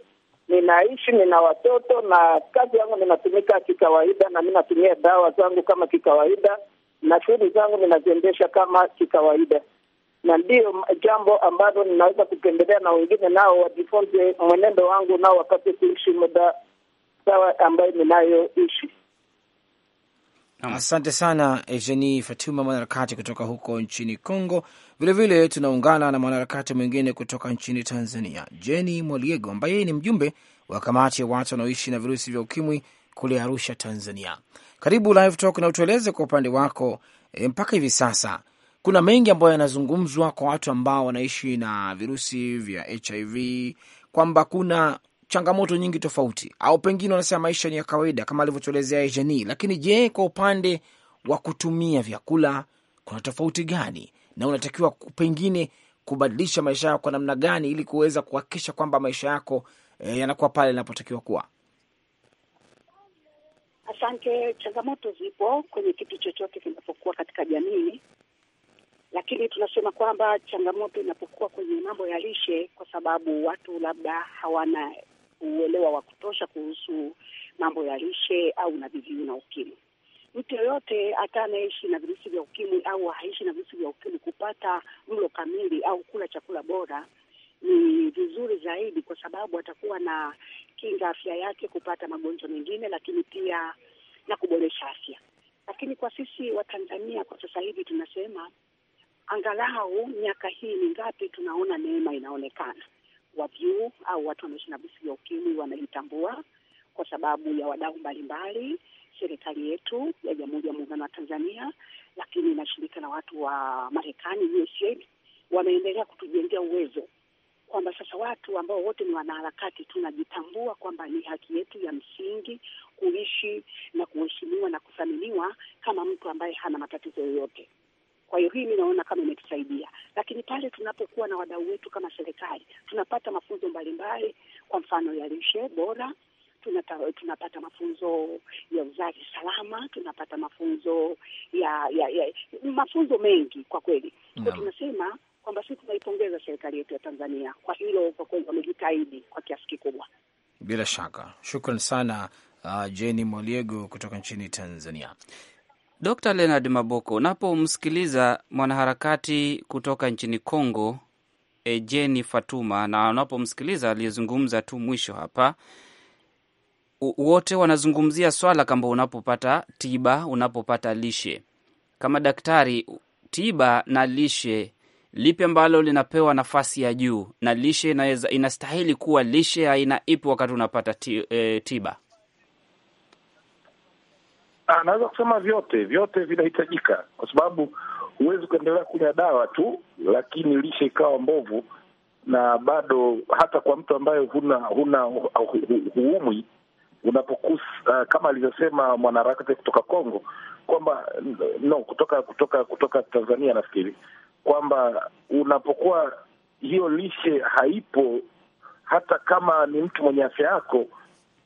ninaishi, nina watoto na kazi yangu ninatumika kikawaida, na natumia dawa zangu kama kikawaida, na shughuli zangu ninaziendesha kama kikawaida, na ndiyo jambo ambalo ninaweza kupendelea na wengine nao wajifunze mwenendo wangu, nao wapate kuishi muda sawa ambayo ninayoishi. Asante sana Eugenie Fatuma, mwanaharakati kutoka huko nchini Kongo. Vilevile tunaungana na mwanaharakati mwingine kutoka nchini Tanzania, Jeni Mwaliego, ambaye ni mjumbe wa kamati ya watu wanaoishi na virusi vya ukimwi kule Arusha, Tanzania. Karibu Live Talk na utueleze kwa upande wako, e, mpaka hivi sasa kuna mengi ambayo yanazungumzwa kwa watu ambao wanaishi na virusi vya HIV kwamba kuna changamoto nyingi tofauti, au pengine wanasema maisha ni ya kawaida kama alivyotuelezea Jeni. Lakini je, kwa upande wa kutumia vyakula kuna tofauti gani? na unatakiwa pengine kubadilisha maisha yako kwa namna gani ili kuweza kuhakikisha kwamba maisha yako e, yanakuwa pale yanapotakiwa kuwa? Asante. Changamoto zipo kwenye kitu chochote kinapokuwa katika jamii, lakini tunasema kwamba changamoto inapokuwa kwenye mambo ya lishe, kwa sababu watu labda hawana uelewa wa kutosha kuhusu mambo ya lishe au na bidii na ukimwi mtu yoyote hata anaishi na virusi vya ukimwi au haishi na virusi vya ukimwi kupata mlo kamili au kula chakula bora ni vizuri zaidi, kwa sababu atakuwa na kinga afya yake kupata magonjwa mengine, lakini pia na kuboresha afya. Lakini kwa sisi Watanzania kwa sasa hivi tunasema angalau miaka hii ni ngapi, tunaona neema inaonekana, wavyuu au watu wanaishi na virusi vya ukimwi wanajitambua kwa sababu ya wadau mbalimbali serikali yetu ya Jamhuri ya Muungano wa Tanzania, lakini na shirika la watu wa Marekani USAID wameendelea kutujengea uwezo kwamba sasa watu ambao wote ni wanaharakati tunajitambua kwamba ni haki yetu ya msingi kuishi na kuheshimiwa na kuthaminiwa kama mtu ambaye hana matatizo yoyote. Kwa hiyo hii mi naona kama imetusaidia, lakini pale tunapokuwa na wadau wetu kama serikali tunapata mafunzo mbalimbali, kwa mfano ya lishe bora tunata, tunapata mafunzo ya uzazi salama, tunapata mafunzo ya, ya, ya mafunzo mengi kwa kweli no. Tunasema kwamba sisi tunaipongeza serikali yetu ya Tanzania kwa hilo, kwa kweli wamejitahidi kwa kiasi kikubwa. Bila shaka, shukran sana uh, Jeni Mwaliego kutoka nchini Tanzania. Dr. Leonard Maboko, unapomsikiliza mwanaharakati kutoka nchini congo Ejeni eh, Fatuma na unapomsikiliza aliyezungumza tu mwisho hapa wote wanazungumzia swala kwamba unapopata tiba, unapopata lishe. Kama daktari, tiba na lishe lipi ambalo linapewa nafasi ya juu, na lishe inaweza inastahili kuwa lishe ya aina ipi wakati unapata e, tiba? anaweza ah, kusema vyote, vyote vinahitajika, kwa sababu huwezi kuendelea kunywa dawa tu lakini lishe ikawa mbovu, na bado hata kwa mtu ambaye huna huna huumwi unapokusa uh, eh, kama alivyosema mwanaharakati kutoka Kongo kwamba no, kutoka kutoka kutoka Tanzania nafikiri kwamba unapokuwa hiyo lishe haipo, hata kama ni mtu mwenye afya yako,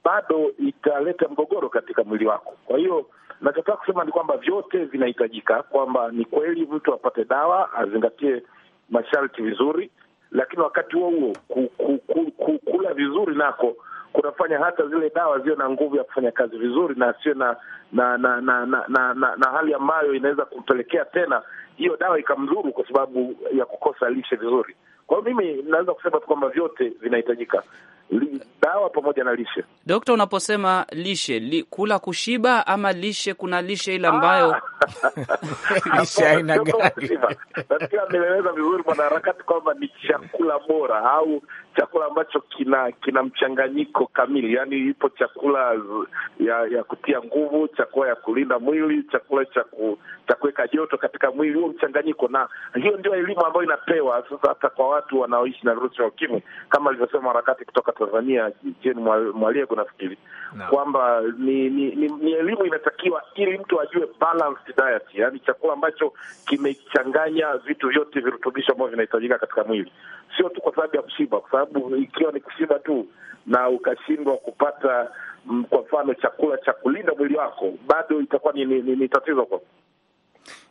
bado italeta mgogoro katika mwili wako. Kwa hiyo nachotaka kusema ni kwamba vyote vinahitajika, kwamba ni kweli mtu apate dawa, azingatie masharti vizuri, lakini wakati huo huo kukula kula vizuri nako kunafanya hata zile dawa ziwe na nguvu ya kufanya kazi vizuri na asiwe na na na na, na, na, na, na hali ambayo inaweza kumpelekea tena hiyo dawa ikamdhuru kwa sababu ya kukosa lishe vizuri. Kwa hiyo mimi naweza kusema tu kwamba vyote vinahitajika, dawa pamoja na lishe. Dokta, unaposema lishe li, kula kushiba ama lishe, kuna lishe ile ambayo ah! lishe aina gani? Nafikiri ameeleza vizuri mwanaharakati kwamba ni chakula bora au chakula ambacho kina kina mchanganyiko kamili, yaani ipo chakula ya ya kutia nguvu, chakula ya kulinda mwili, chakula cha kuweka joto katika mwili, huo mchanganyiko. Na hiyo ndio elimu ambayo inapewa sasa hata kwa watu wanaoishi na virusi vya ukimwi, kama alivyosema harakati kutoka Tanzania Jeni Mwaliego, nafikiri no. kwamba ni, ni, ni, ni elimu inatakiwa ili mtu ajue balanced diet, yaani chakula ambacho kimechanganya vitu vyote virutubisho ambavyo vinahitajika katika mwili sio tu kwa sababu ya kushiba, kwa sababu ikiwa ni kushiba tu na ukashindwa kupata m, mm, kwa mfano chakula cha kulinda mwili wako, bado itakuwa ni, ni, ni, ni tatizo kwa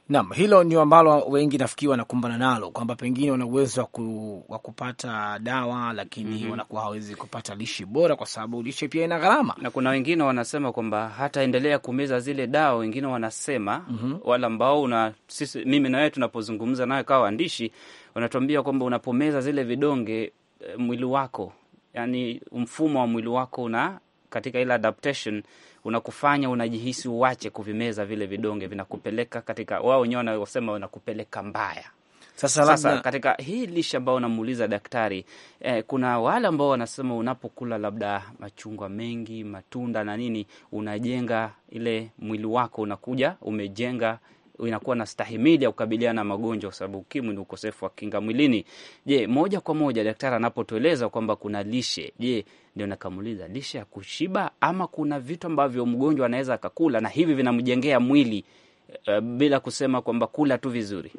Naam, hilo ndio ambalo wengi nafikiri wanakumbana nalo kwamba pengine wana uwezo ku, wa kupata dawa lakini mm -hmm. wanakuwa hawezi kupata lishe bora kwa sababu lishe pia ina gharama, na kuna wengine wanasema kwamba hataendelea kumeza zile dawa. Wengine wanasema mm -hmm. wala ambao una sisi, mimi na wewe tunapozungumza nayo kawa waandishi wanatuambia kwamba unapomeza zile vidonge eh, mwili wako, yani mfumo wa mwili wako na katika ile adaptation unakufanya unajihisi uwache kuvimeza vile vidonge, vinakupeleka katika, wao wenyewe wanasema wanakupeleka mbaya. Sasa, sasa labda... katika hii lishe ambayo unamuuliza daktari eh, kuna wale ambao wanasema unapokula labda machungwa mengi, matunda na nini, unajenga ile mwili wako unakuja umejenga inakuwa na stahimili ya kukabiliana na magonjwa, kwa sababu ukimwi ni ukosefu wa kinga mwilini. Je, moja kwa moja daktari anapotueleza kwamba kuna lishe, je, ndio nakamuliza lishe ya kushiba ama kuna vitu ambavyo mgonjwa anaweza akakula na hivi vinamjengea mwili uh, bila kusema kwamba kula tu vizuri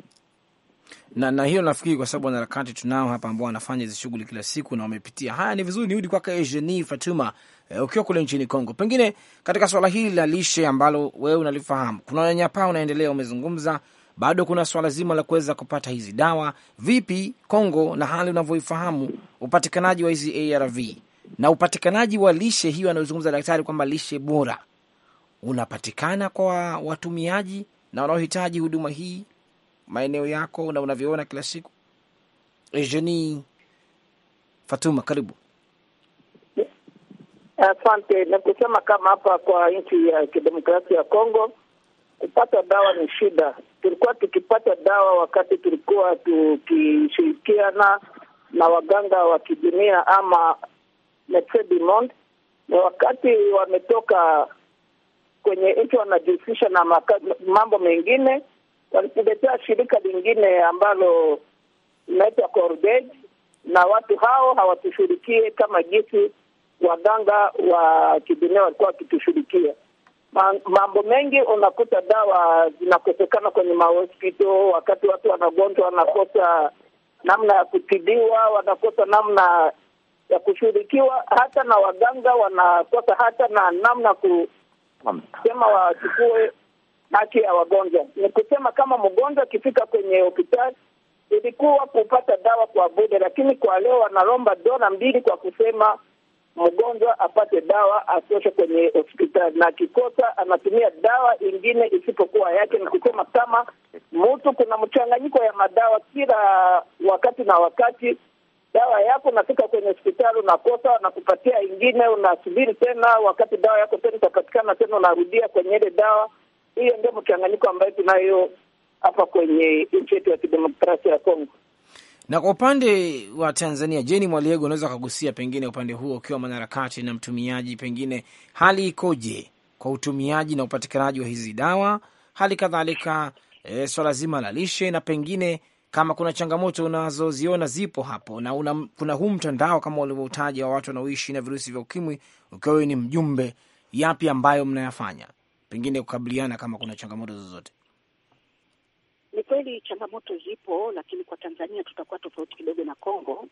na, na hiyo nafikiri kwa sababu wanaharakati tunao hapa ambao wanafanya hizi shughuli kila siku na wamepitia haya, ni vizuri nirudi kwake Eugenie Fatuma. Eh, ukiwa kule nchini Kongo, pengine katika swala hili la lishe ambalo wewe unalifahamu, kuna unyanyapaa unaendelea, umezungumza bado kuna swala zima la kuweza kupata hizi dawa. Vipi Kongo na hali unavyoifahamu upatikanaji wa hizi ARV na upatikanaji wa lishe hiyo anayozungumza daktari kwamba lishe bora unapatikana kwa watumiaji na wanaohitaji huduma hii maeneo yako na unavyoona kila siku? Eugenie Fatuma, karibu. Asante. Ni kusema kama hapa kwa nchi ya kidemokrasia ya Kongo kupata dawa ni shida. Tulikuwa tukipata dawa wakati tulikuwa tukishirikiana na waganga wa kidunia ama Medecins du Monde, na wakati wametoka kwenye nchi wanajihusisha na maka, mambo mengine, walituletea shirika lingine ambalo inaitwa Cordage, na watu hao hawatushirikie kama jinsi waganga wa kidunia walikuwa wakitushughulikia mambo mengi. Unakuta dawa zinakosekana kwenye mahospito, wakati watu wanagonjwa, wanakosa namna ya kutibiwa, wanakosa namna ya kushughulikiwa, hata na waganga wanakosa hata na namna kusema wachukue haki ya wagonjwa. Ni kusema kama mgonjwa akifika kwenye hospitali ilikuwa kupata dawa kwa bude, lakini kwa leo wanalomba dola mbili kwa kusema mgonjwa apate dawa atoshe kwenye hospitali, na akikosa anatumia dawa ingine isipokuwa yake. Ni kusema kama mtu kuna mchanganyiko ya madawa kila wakati na wakati dawa yako unafika kwenye hospitali unakosa, wanakupatia ingine, unasubiri tena, wakati dawa yako tena itapatikana tena, unarudia kwenye ile dawa hiyo. Ndio mchanganyiko ambayo tunayo hapa kwenye nchi yetu ya kidemokrasia ya Kongo. Na kwa upande wa Tanzania, Jeni Mwaliego, unaweza ukagusia pengine upande huo ukiwa mwanaharakati na mtumiaji, pengine hali ikoje kwa utumiaji na upatikanaji wa hizi dawa, hali kadhalika e, swala zima la lishe na pengine kama kuna changamoto unazoziona zipo hapo na una, kuna huu mtandao kama ulivyoutaja wa watu wanaoishi na virusi vya ukimwi, ukiwa wewe ni mjumbe, yapi ambayo mnayafanya pengine kukabiliana kama kuna changamoto zozote? kweli changamoto zipo, lakini kwa Tanzania tutakuwa tofauti kidogo na Kongo.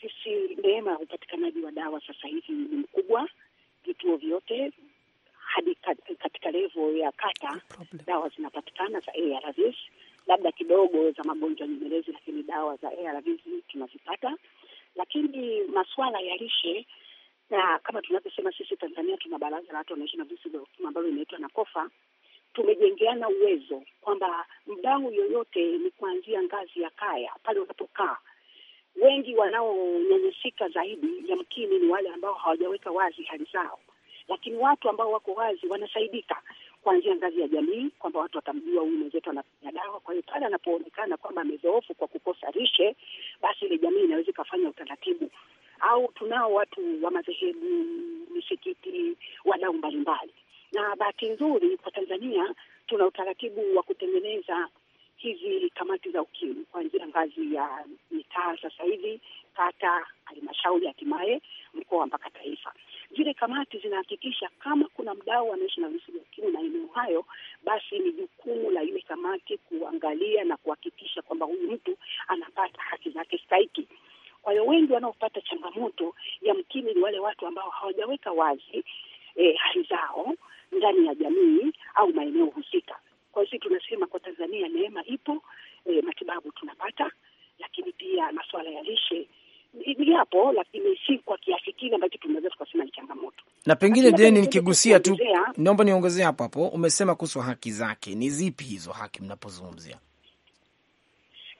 Sisi neema ya upatikanaji wa dawa sasa hivi ni mkubwa, vituo vyote hadi katika levo ya kata dawa zinapatikana za ARVs, labda kidogo za magonjwa nyemelezi, lakini dawa za ARVs tunazipata. Lakini masuala ya lishe na kama tunavyosema sisi Tanzania tuna baraza la watu wanaishi na visi ambalo inaitwa na kofa tumejengeana uwezo kwamba mdau yoyote ni kuanzia ngazi ya kaya pale unapokaa. Wengi wanaonyanyasika zaidi yamkini ni wale ambao hawajaweka wazi hali zao, lakini watu ambao wako wazi wanasaidika kuanzia ngazi ya jamii, kwamba watu watamjua huyu mwenzetu anatumia dawa. Kwa hiyo pale anapoonekana kwamba amedhoofu kwa kukosa rishe basi ile jamii inaweza ikafanya utaratibu au tunao watu wa madhehebu, misikiti, wadau mbalimbali na bahati nzuri kwa Tanzania tuna utaratibu wa kutengeneza hizi kamati za ukimwi kuanzia ngazi ya mitaa, sasa hivi kata, halmashauri, hatimaye mkoa mpaka taifa. Zile kamati zinahakikisha kama kuna mdau anaishi na virusi vya ukimwi maeneo hayo, basi ni jukumu la ile kamati kuangalia na kuhakikisha kwamba huyu mtu anapata haki zake stahiki. Kwa hiyo wengi wanaopata changamoto ya mkimwi ni wale watu ambao hawajaweka wazi eh, hali zao ndani ya jamii au maeneo husika. Kwa hiyo tunasema kwa Tanzania neema ipo, e, matibabu tunapata, lakini pia masuala ya lishe ni yapo, lakini si kwa kiasi kile ambacho tunaweza tukasema ni changamoto. Na pengine deni nikigusia tu, naomba niongezee hapo hapo, umesema kuhusu haki zake, ni zipi hizo haki mnapozungumzia?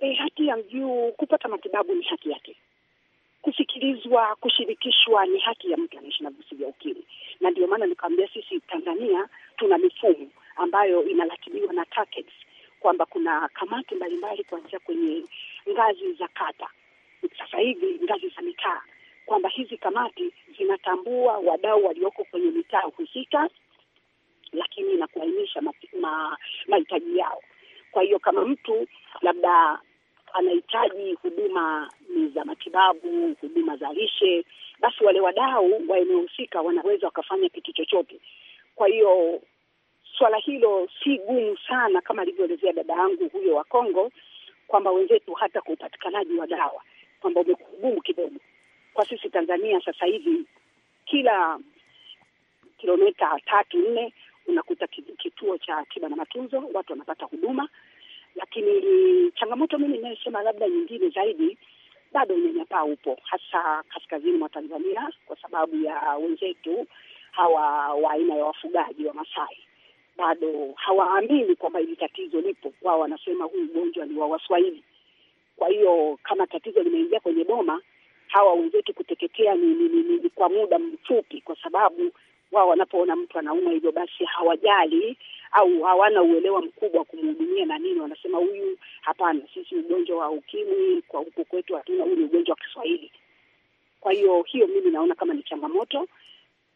E, haki ya mjuu kupata matibabu ni haki yake kusikizwa, kushirikishwa ni haki ya mtu anaishi na virusi vya ukimwi, na ndio maana nikaambia sisi Tanzania tuna mifumo ambayo inaratibiwa na targets, kwamba kuna kamati mbalimbali kuanzia kwenye ngazi za kata, sasa hivi ngazi za mitaa, kwamba hizi kamati zinatambua wadau walioko kwenye mitaa husika, lakini na kuainisha mahitaji ma, yao. Kwa hiyo kama mtu labda anahitaji huduma ni za matibabu, huduma za lishe, basi wale wadau wa eneo husika wanaweza wakafanya kitu chochote. Kwa hiyo swala hilo si gumu sana, kama alivyoelezea dada yangu huyo wa Kongo kwamba wenzetu hata kwa upatikanaji wa dawa kwamba umekuwa gumu kidogo. Kwa sisi Tanzania sasa hivi kila kilomita tatu nne unakuta kituo cha tiba na matunzo, watu wanapata huduma lakini changamoto mimi ninayosema labda nyingine zaidi, bado unyanyapaa upo, hasa kaskazini mwa Tanzania kwa sababu ya wenzetu hawa wa aina ya wafugaji wa Masai bado hawaamini kwamba hili tatizo lipo kwao, wanasema huu ugonjwa ni wa Waswahili. Kwa hiyo kama tatizo limeingia kwenye boma, hawa wenzetu kuteketea ni, ni, ni, ni kwa muda mfupi, kwa sababu wao wanapoona mtu anaumwa hivyo, basi hawajali au hawana uelewa mkubwa wa kumhudumia na nini, wanasema huyu hapana, sisi ugonjwa wa ukimwi kwa huko kwetu hatuna, huu ni ugonjwa wa Kiswahili. Kwa hiyo hiyo mimi naona kama ni changamoto,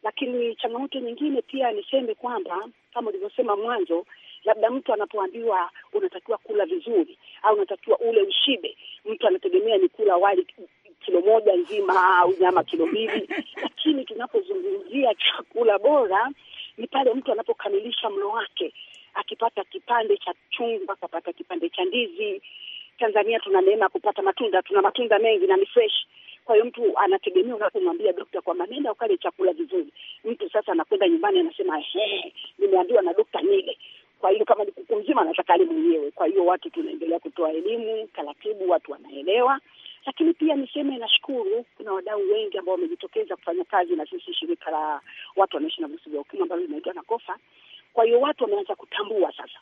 lakini changamoto nyingine pia niseme kwamba kama ulivyosema mwanzo labda mtu anapoambiwa unatakiwa kula vizuri au unatakiwa ule ushibe, mtu anategemea ni kula wali kilo moja nzima au nyama kilo mbili, lakini tunapozungumzia chakula bora ni pale mtu anapokamilisha mlo wake, akipata kipande cha chungwa, akapata kipande cha ndizi. Tanzania tuna neema ya kupata matunda, tuna matunda mengi na ni fresh. Kwa hiyo mtu anategemea unapomwambia dokta kwamba nenda ukale chakula vizuri, mtu sasa anakwenda nyumbani anasema ehe, nimeambiwa na dokta nile. Kwa hiyo kama ni kuku mzima anatakali mwenyewe. Kwa hiyo watu tunaendelea kutoa elimu taratibu, watu wanaelewa. Lakini pia niseme nashukuru, kuna wadau wengi ambao wamejitokeza kufanya kazi na sisi, shirika la watu wanaishi na virusi vya ukimwi ambalo linaitwa nakofa Kwa hiyo watu wameanza kutambua sasa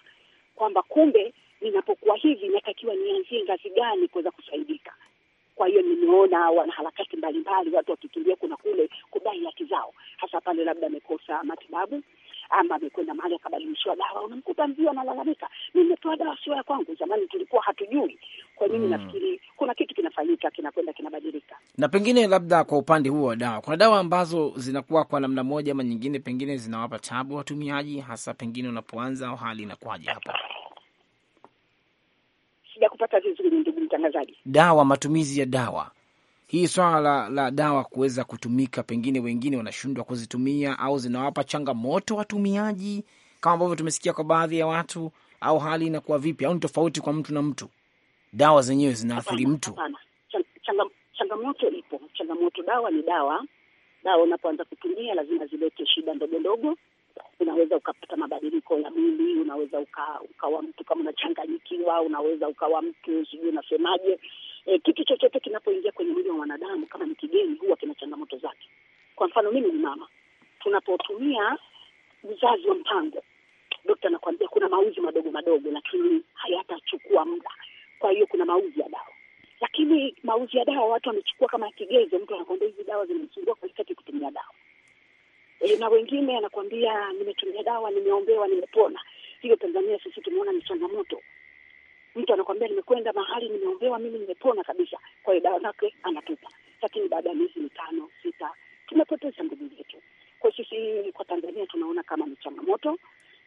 kwamba kumbe ninapokuwa hivi natakiwa nianzie ngazi gani kuweza kusaidika. Kwa hiyo nimeona wanaharakati mbalimbali, watu wakikimbia kuna kule kudai haki zao, hasa pale labda amekosa matibabu ama amekwenda mahali akabadilishiwa dawa, unamkuta mzee analalamika, nimetoa dawa sio ya kwangu. Zamani tulikuwa hatujui kwa nini. Mm, nafikiri kuna kitu kinafanyika, kinakwenda kinabadilika. Na pengine labda kwa upande huo wa dawa, kuna dawa ambazo zinakuwa kwa namna moja ama nyingine, pengine zinawapa tabu watumiaji, hasa pengine unapoanza au hali inakuwaje hapa? Sijakupata vizuri, ndugu mtangazaji. Dawa, matumizi ya dawa hii swala la, la dawa kuweza kutumika, pengine wengine wanashindwa kuzitumia au zinawapa changamoto watumiaji, kama ambavyo tumesikia kwa baadhi ya watu, au hali inakuwa vipi, au ni tofauti kwa mtu na mtu? Dawa zenyewe zinaathiri mtu? Changamoto ipo, changamoto. Dawa ni dawa, dawa unapoanza kutumia lazima zilete shida ndogo ndogo unaweza ukapata mabadiliko ya mwili, unaweza uka, ukawa mtu kama unachanganyikiwa, unaweza ukawa mtu sijui unasemaje, e, kitu chochote kinapoingia kwenye mwili wa wanadamu kama ni kigeni huwa kina changamoto zake. Kwa mfano mimi ni mama, tunapotumia uzazi wa mpango, dokta anakuambia kuna mauzi madogo madogo, lakini hayatachukua muda. Kwa hiyo kuna mauzi ya dawa, lakini mauzi ya dawa watu wamechukua kama kigezo. Mtu anakuambia hizi dawa zimesungua kwa sitaki kutumia dawa e, na wengine anakuambia nimetumia dawa, nimeombewa, nimepona. Hiyo Tanzania sisi tumeona ni changamoto Mtu anakwambia nimekwenda mahali nimeombewa, mimi nimepona kabisa, kwa hiyo dawa zake anatupa. Lakini baada ya miezi mitano sita, tumepoteza ndugu zetu. Kwa sisi kwa Tanzania tunaona kama ni changamoto,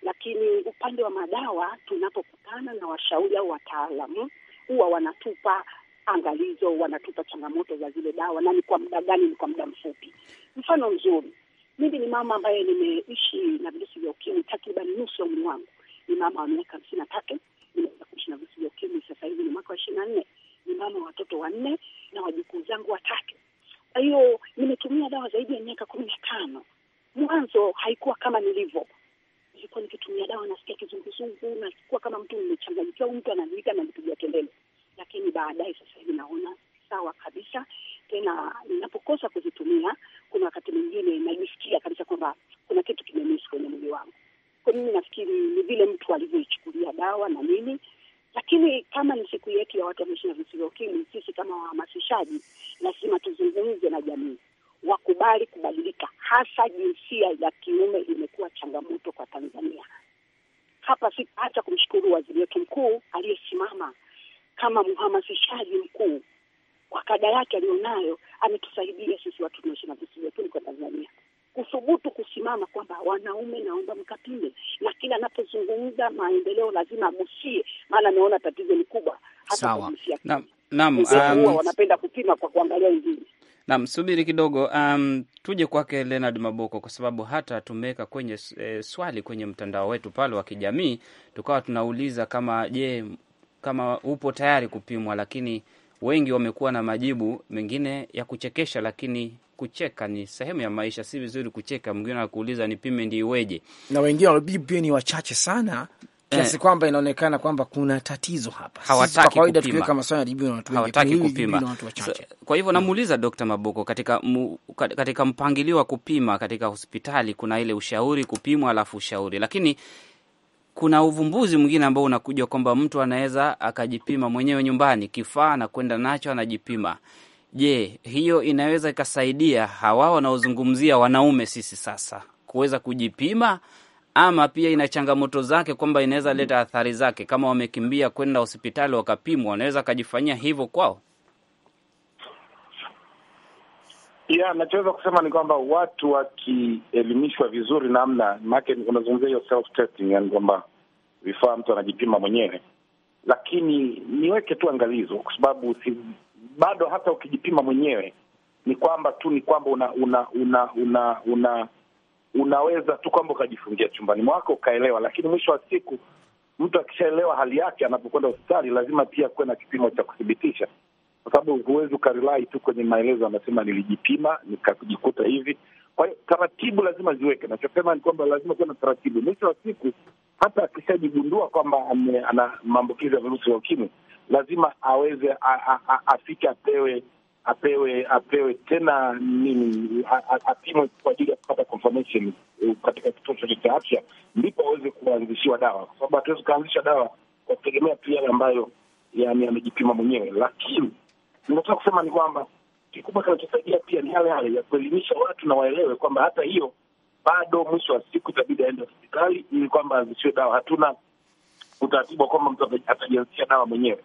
lakini upande wa madawa tunapokutana na washauri au wataalamu, huwa wanatupa angalizo, wanatupa changamoto za zile dawa na ni kwa muda gani, ni kwa muda mfupi. Mfano mzuri, mimi ni mama ambaye nimeishi na virusi vya ukimwi takriban nusu ya umri wangu. Ni mama wa miaka hamsini na tatu kuishi na virusi vya ukimwi sasa hivi ni mwaka wa ishirini na nne ni mama watoto wanne na wajukuu zangu watatu. Kwa hiyo nimetumia dawa zaidi ya miaka kumi na tano. Mwanzo haikuwa kama nilivyo, nilikuwa nikitumia dawa nasikia kizunguzungu, nakua kama mtu nimechanganyikiwa, mtu ananiita ananipigia kelele, lakini baadaye sasa hivi naona sawa kabisa. Tena ninapokosa kuzitumia, kuna wakati mwingine najisikia kabisa kwamba kuna kitu kimemisi kwenye mwili wangu. Kwa mimi nafikiri ni vile mtu alivyoichukulia dawa na nini, lakini kama ni siku yetu ya watu wameishi na virusi vya ukimwi, sisi kama wahamasishaji lazima tuzungumze na jamii wakubali kubadilika. Hasa jinsia ya kiume imekuwa changamoto kwa Tanzania. Hapa sitaacha kumshukuru waziri wetu mkuu aliyesimama kama mhamasishaji mkuu kwa kada yake aliyonayo, ametusaidia sisi watu tunaishi na virusi vya ukimwi kwa Tanzania kuthubutu kusimama kwamba wanaume, naomba mkapime, na kila anapozungumza maendeleo lazima amusie maana ameona tatizo ni kubwa. Sawa, naam, naam, um, wanapenda kupima kwa kuangalia wengine. Naam, subiri kidogo, um, tuje kwake Leonard Maboko kwa sababu hata tumeweka kwenye e, swali kwenye mtandao wetu pale wa kijamii, tukawa tunauliza kama je, kama upo tayari kupimwa, lakini wengi wamekuwa na majibu mengine ya kuchekesha, lakini kucheka ni sehemu ya maisha. Si vizuri kucheka, mwingine anakuuliza nipime ndi iweje, na wengine wanajibu pia ni wachache sana kiasi eh. kwamba inaonekana kwamba kuna tatizo hapa. Hawataki Hawataki kupima. Kwa hivyo mm. namuuliza Dr. Maboko, katika, mu, katika mpangilio wa kupima katika hospitali kuna ile ushauri kupimwa alafu ushauri, lakini kuna uvumbuzi mwingine ambao unakuja kwamba mtu anaweza akajipima mwenyewe nyumbani, kifaa na kwenda nacho anajipima. Je, hiyo inaweza ikasaidia hawa wanaozungumzia wanaume sisi sasa kuweza kujipima, ama pia ina changamoto zake, kwamba inaweza leta athari zake, kama wamekimbia kwenda hospitali wakapimwa, wanaweza akajifanyia hivyo kwao. Yeah, nachoweza kusema ni kwamba watu wakielimishwa vizuri namna, make unazungumzia hiyo self testing, yani kwamba vifaa mtu anajipima mwenyewe, lakini niweke tu angalizo, kwa sababu si bado, hata ukijipima mwenyewe ni kwamba tu ni kwamba una, una, una, una, una unaweza tu kwamba ukajifungia chumbani mwako ukaelewa, lakini mwisho wa siku mtu akishaelewa hali yake anapokwenda hospitali lazima pia kuwe na kipimo cha kuthibitisha kwa sababu huwezi ukarilai tu kwenye maelezo, anasema nilijipima nikajikuta hivi. Kwa hiyo taratibu lazima ziweke. Nachosema ni kwamba lazima kuwe na taratibu. Mwisho wa siku, hata akishajigundua kwamba ana maambukizi ya virusi vya ukimwi, lazima aweze afike, apewe apewe apewe tena nini, apimwe kwa ajili ya kupata confirmation e, katika kituo chote cha afya, ndipo aweze kuanzishiwa dawa, kwa sababu hatuwezi kuanzisha dawa kwa kutegemea tu yale ambayo yani amejipima mwenyewe, lakini Ninachotaka kusema ni kwamba kikubwa kinachosaidia pia ni yale yale ya kuelimisha watu na waelewe kwamba hata hiyo bado, mwisho wa siku itabidi aende hospitali, ili kwamba azishiwe dawa. Hatuna utaratibu wa kwamba mtu atajianzisha dawa mwenyewe,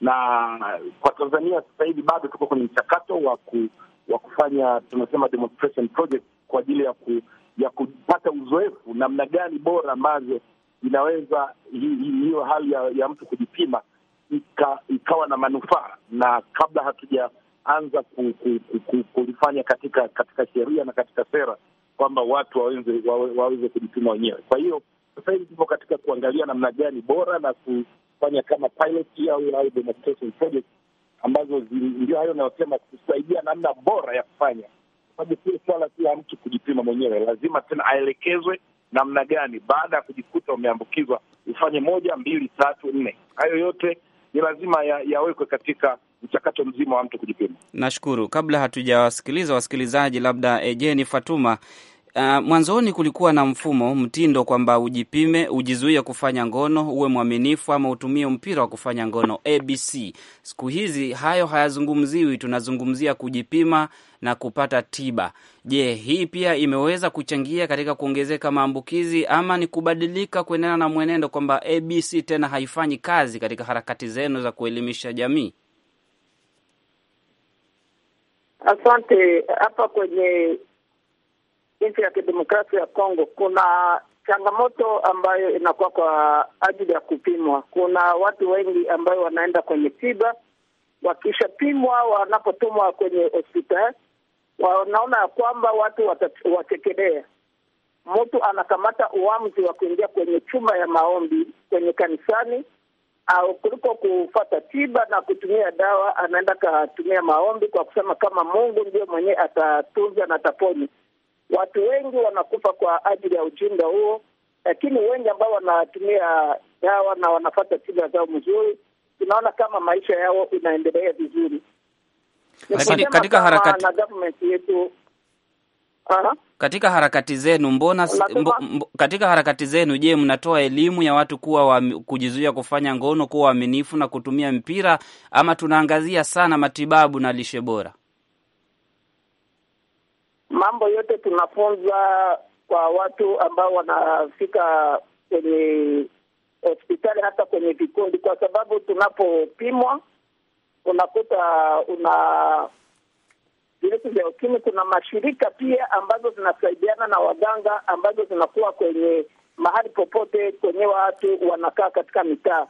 na kwa Tanzania sasa hivi bado tuko kwenye mchakato wa ku, wa kufanya tunasema demonstration project kwa ajili ya ku, ya kupata uzoefu namna gani bora ambazo inaweza hiyo hali ya, ya mtu kujipima ikawa na manufaa, na kabla hatujaanza kulifanya katika katika sheria na katika sera kwamba watu waweze, wawe, waweze kujipima wenyewe. Kwa hiyo sasa hivi tupo katika kuangalia namna gani bora na kufanya kama pilot au au demonstration project ambazo ndio hayo nayosema kusaidia namna bora ya kufanya, kwa sababu sio swala tu la mtu kujipima mwenyewe, lazima tena aelekezwe namna gani baada ya kujikuta umeambukizwa ufanye moja, mbili, tatu, nne. Hayo yote ni lazima yawekwe ya katika mchakato mzima wa mtu kujipima. Nashukuru. Kabla hatujawasikiliza wasikilizaji, labda Ejeni eh, Fatuma Uh, mwanzoni kulikuwa na mfumo mtindo kwamba ujipime, ujizuie kufanya ngono, uwe mwaminifu ama utumie mpira wa kufanya ngono ABC. Siku hizi hayo hayazungumziwi, tunazungumzia kujipima na kupata tiba. Je, hii pia imeweza kuchangia katika kuongezeka maambukizi ama ni kubadilika kuendana na mwenendo kwamba ABC tena haifanyi kazi katika harakati zenu za kuelimisha jamii? Asante. Hapa kwenye nchi ya kidemokrasia ya Kongo kuna changamoto ambayo inakuwa kwa ajili ya kupimwa. Kuna watu wengi ambayo wanaenda kwenye tiba, wakishapimwa, wanapotumwa kwenye hospitali wanaona ya kwamba watu wachekelea. Mtu anakamata uamuzi wa kuingia kwenye chumba ya maombi kwenye kanisani, au kuliko kufata tiba na kutumia dawa, anaenda katumia maombi kwa kusema kama Mungu ndio mwenyewe atatunza na ataponya Watu wengi wanakufa kwa ajili ya ujinga huo, lakini wengi ambao wanatumia dawa na wanafata tiba zao mzuri, tunaona kama maisha yao inaendelea vizuri. Lakini katika harakati na government yetu Aha. Katika harakati zenu mbona mbo, katika harakati zenu je, mnatoa elimu ya watu kuwa wa, kujizuia kufanya ngono, kuwa waaminifu na kutumia mpira, ama tunaangazia sana matibabu na lishe bora? mambo yote tunafunza kwa watu ambao wanafika kwenye hospitali hata kwenye vikundi, kwa sababu tunapopimwa unakuta una virusi vya ukimwi. Kuna mashirika pia ambazo zinasaidiana na waganga ambazo zinakuwa kwenye mahali popote kwenye watu wanakaa katika mitaa,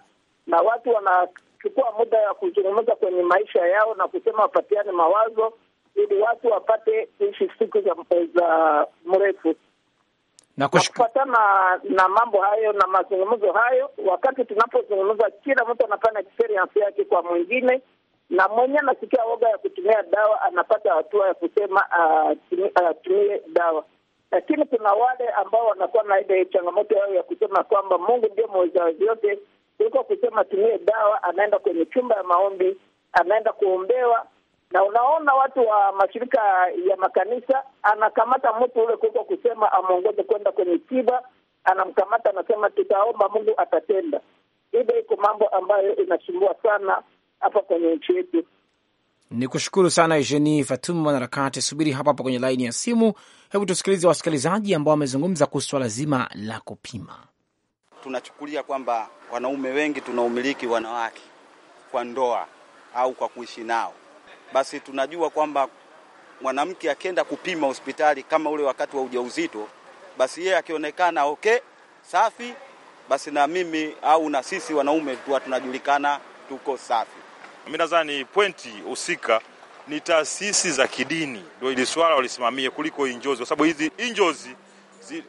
na watu wanachukua muda ya kuzungumza kwenye maisha yao na kusema wapatiane mawazo ili watu wapate ishi siku za, za mrefu na kufuatana na mambo hayo na mazungumzo hayo. Wakati tunapozungumza, kila mtu anafanya experience yake kwa mwingine, na mwenye anasikia woga ya kutumia dawa anapata hatua ya kusema ah, ah, atumie uh, uh, dawa. Lakini kuna wale ambao wanakuwa na ile changamoto yao ya kusema kwamba Mungu ndio muweza vyote, kuliko kusema tumie dawa. Anaenda kwenye chumba ya maombi, anaenda kuombewa na unaona watu wa mashirika ya makanisa anakamata mtu ule kuko kusema amuongoze kwenda kwenye tiba, anamkamata anasema, tutaomba Mungu atatenda. Hivyo iko mambo ambayo inasumbua sana hapa kwenye nchi yetu. Ni kushukuru sana Eugenie Fatuma, mwanaharakati. Subiri hapa hapa kwenye laini ya simu, hebu tusikilize wasikilizaji ambao wamezungumza kuhusu swala zima la kupima. Tunachukulia kwamba wanaume wengi tunaumiliki wanawake kwa ndoa au kwa kuishi nao basi tunajua kwamba mwanamke akienda kupima hospitali kama ule wakati wa ujauzito, basi yeye akionekana okay, safi, basi na mimi au na sisi wanaume tu tunajulikana tuko safi. Mimi nadhani pointi husika ni taasisi za kidini ndio ili swala walisimamie kuliko injozi, kwa sababu hizi injozi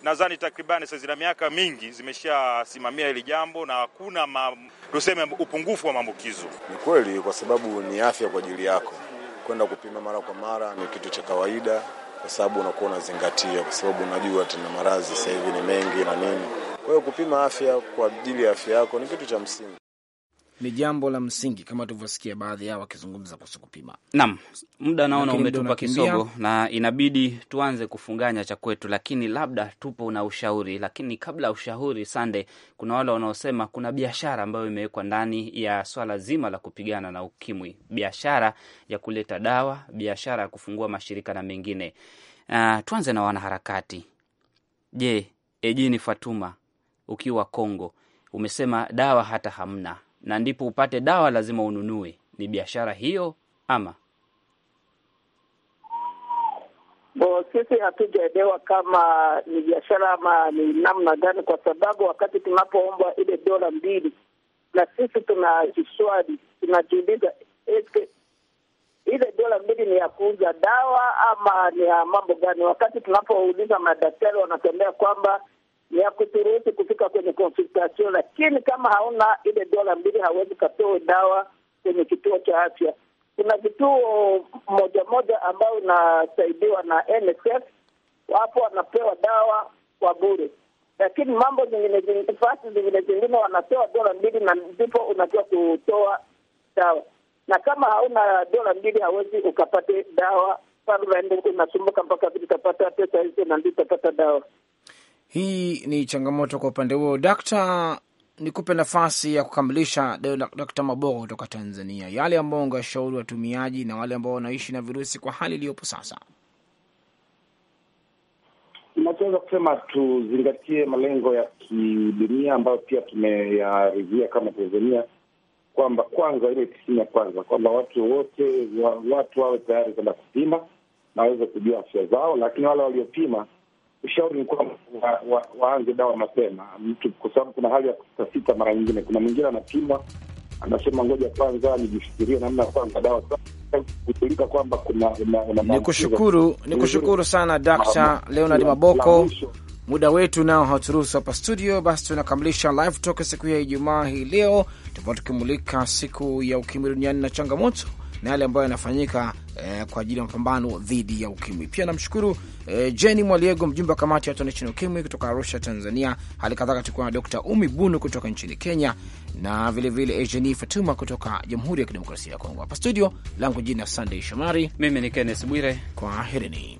nadhani takribani sasa zina miaka mingi zimeshasimamia hili jambo na hakuna tuseme upungufu wa maambukizo. Ni kweli, kwa sababu ni afya kwa ajili yako kwenda kupima mara kwa mara ni kitu cha kawaida, kwa sababu unakuwa unazingatia, kwa sababu unajua tena maradhi sasa hivi ni mengi na nini. Kwa hiyo kupima afya kwa ajili ya afya yako ni kitu cha msingi ni jambo la msingi, kama tulivyosikia baadhi yao wakizungumza kuhusu kupima. Naam, muda naona umetupa kisogo na inabidi tuanze kufunganya cha kwetu, lakini labda tupo na ushauri. Lakini kabla ya ushauri, Sande, kuna wale wanaosema kuna biashara ambayo imewekwa ndani ya swala zima la kupigana na ukimwi, biashara ya kuleta dawa, biashara ya kufungua mashirika na mengine. Uh, tuanze na wanaharakati. Je, Ejini Fatuma ukiwa Kongo umesema dawa hata hamna na ndipo upate dawa lazima ununue. Ni biashara hiyo ama Bo, sisi hatujaelewa kama ni biashara ama ni namna gani, kwa sababu wakati tunapoombwa ile dola mbili na sisi tunajiswali, tunajiuliza eske ile dola mbili ni ya kuuza dawa ama ni ya mambo gani? Wakati tunapouliza madaktari wanatembea kwamba ni ya kuturuhusu kufika kwenye konsultation, lakini kama hauna ile dola mbili hawezi katoe dawa kwenye kituo cha afya. Kuna vituo moja moja ambayo inasaidiwa na NSF, wapo wanapewa dawa kwa bure, lakini mambo zingine fasi zingine zingine wanatoa dola mbili na ndipo unajua kutoa dawa, na kama hauna dola mbili hawezi ukapate dawa, unasumbuka mpaka vitapata pesa hizo na ndio utapata dawa. Hii ni changamoto kwa upande huo. Dakta, nikupe nafasi ya kukamilisha. Dakta Mabogo kutoka Tanzania, yale ambao ungewashauri watumiaji na wale ambao wanaishi na virusi kwa hali iliyopo sasa. Nachoweza kusema tuzingatie malengo ya kidunia ambayo pia tumeyaridhia kama Tanzania, kwamba kwanza, ile tisini ya kwanza, kwamba watu wote wa, watu wawe tayari kwenda kupima na waweze kujua afya zao, lakini wale waliopima ushauri ni kwamba wa, wa, waanze dawa mapema mtu, kwa sababu kuna hali ya kusitasita. Mara nyingine kuna mwingine anapimwa, anasema ngoja kwanza nijifikirie namna kwanza dawa kutulika kwamba kuna ni kushukuru ni kushukuru sana Dakta Leonard Maboko. Muda wetu nao hauturuhusu hapa studio, basi tunakamilisha live talk siku ya Ijumaa hii leo, tupo tukimulika siku ya ukimwi duniani na changamoto na yale ambayo yanafanyika eh, kwa ajili ya mapambano dhidi ya ukimwi. Pia namshukuru eh, Jeni Mwaliego, mjumbe wa kamati ya watu wanaishi na ukimwi kutoka Arusha, Tanzania. Hali kadhalika tulikuwa na Dr Umi Bunu kutoka nchini Kenya na vilevile Ejeni Fatuma kutoka Jamhuri ya Kidemokrasia ya Kongo. Hapa studio langu jina Sandey Shomari, mimi ni Kennes Bwire, kwa herini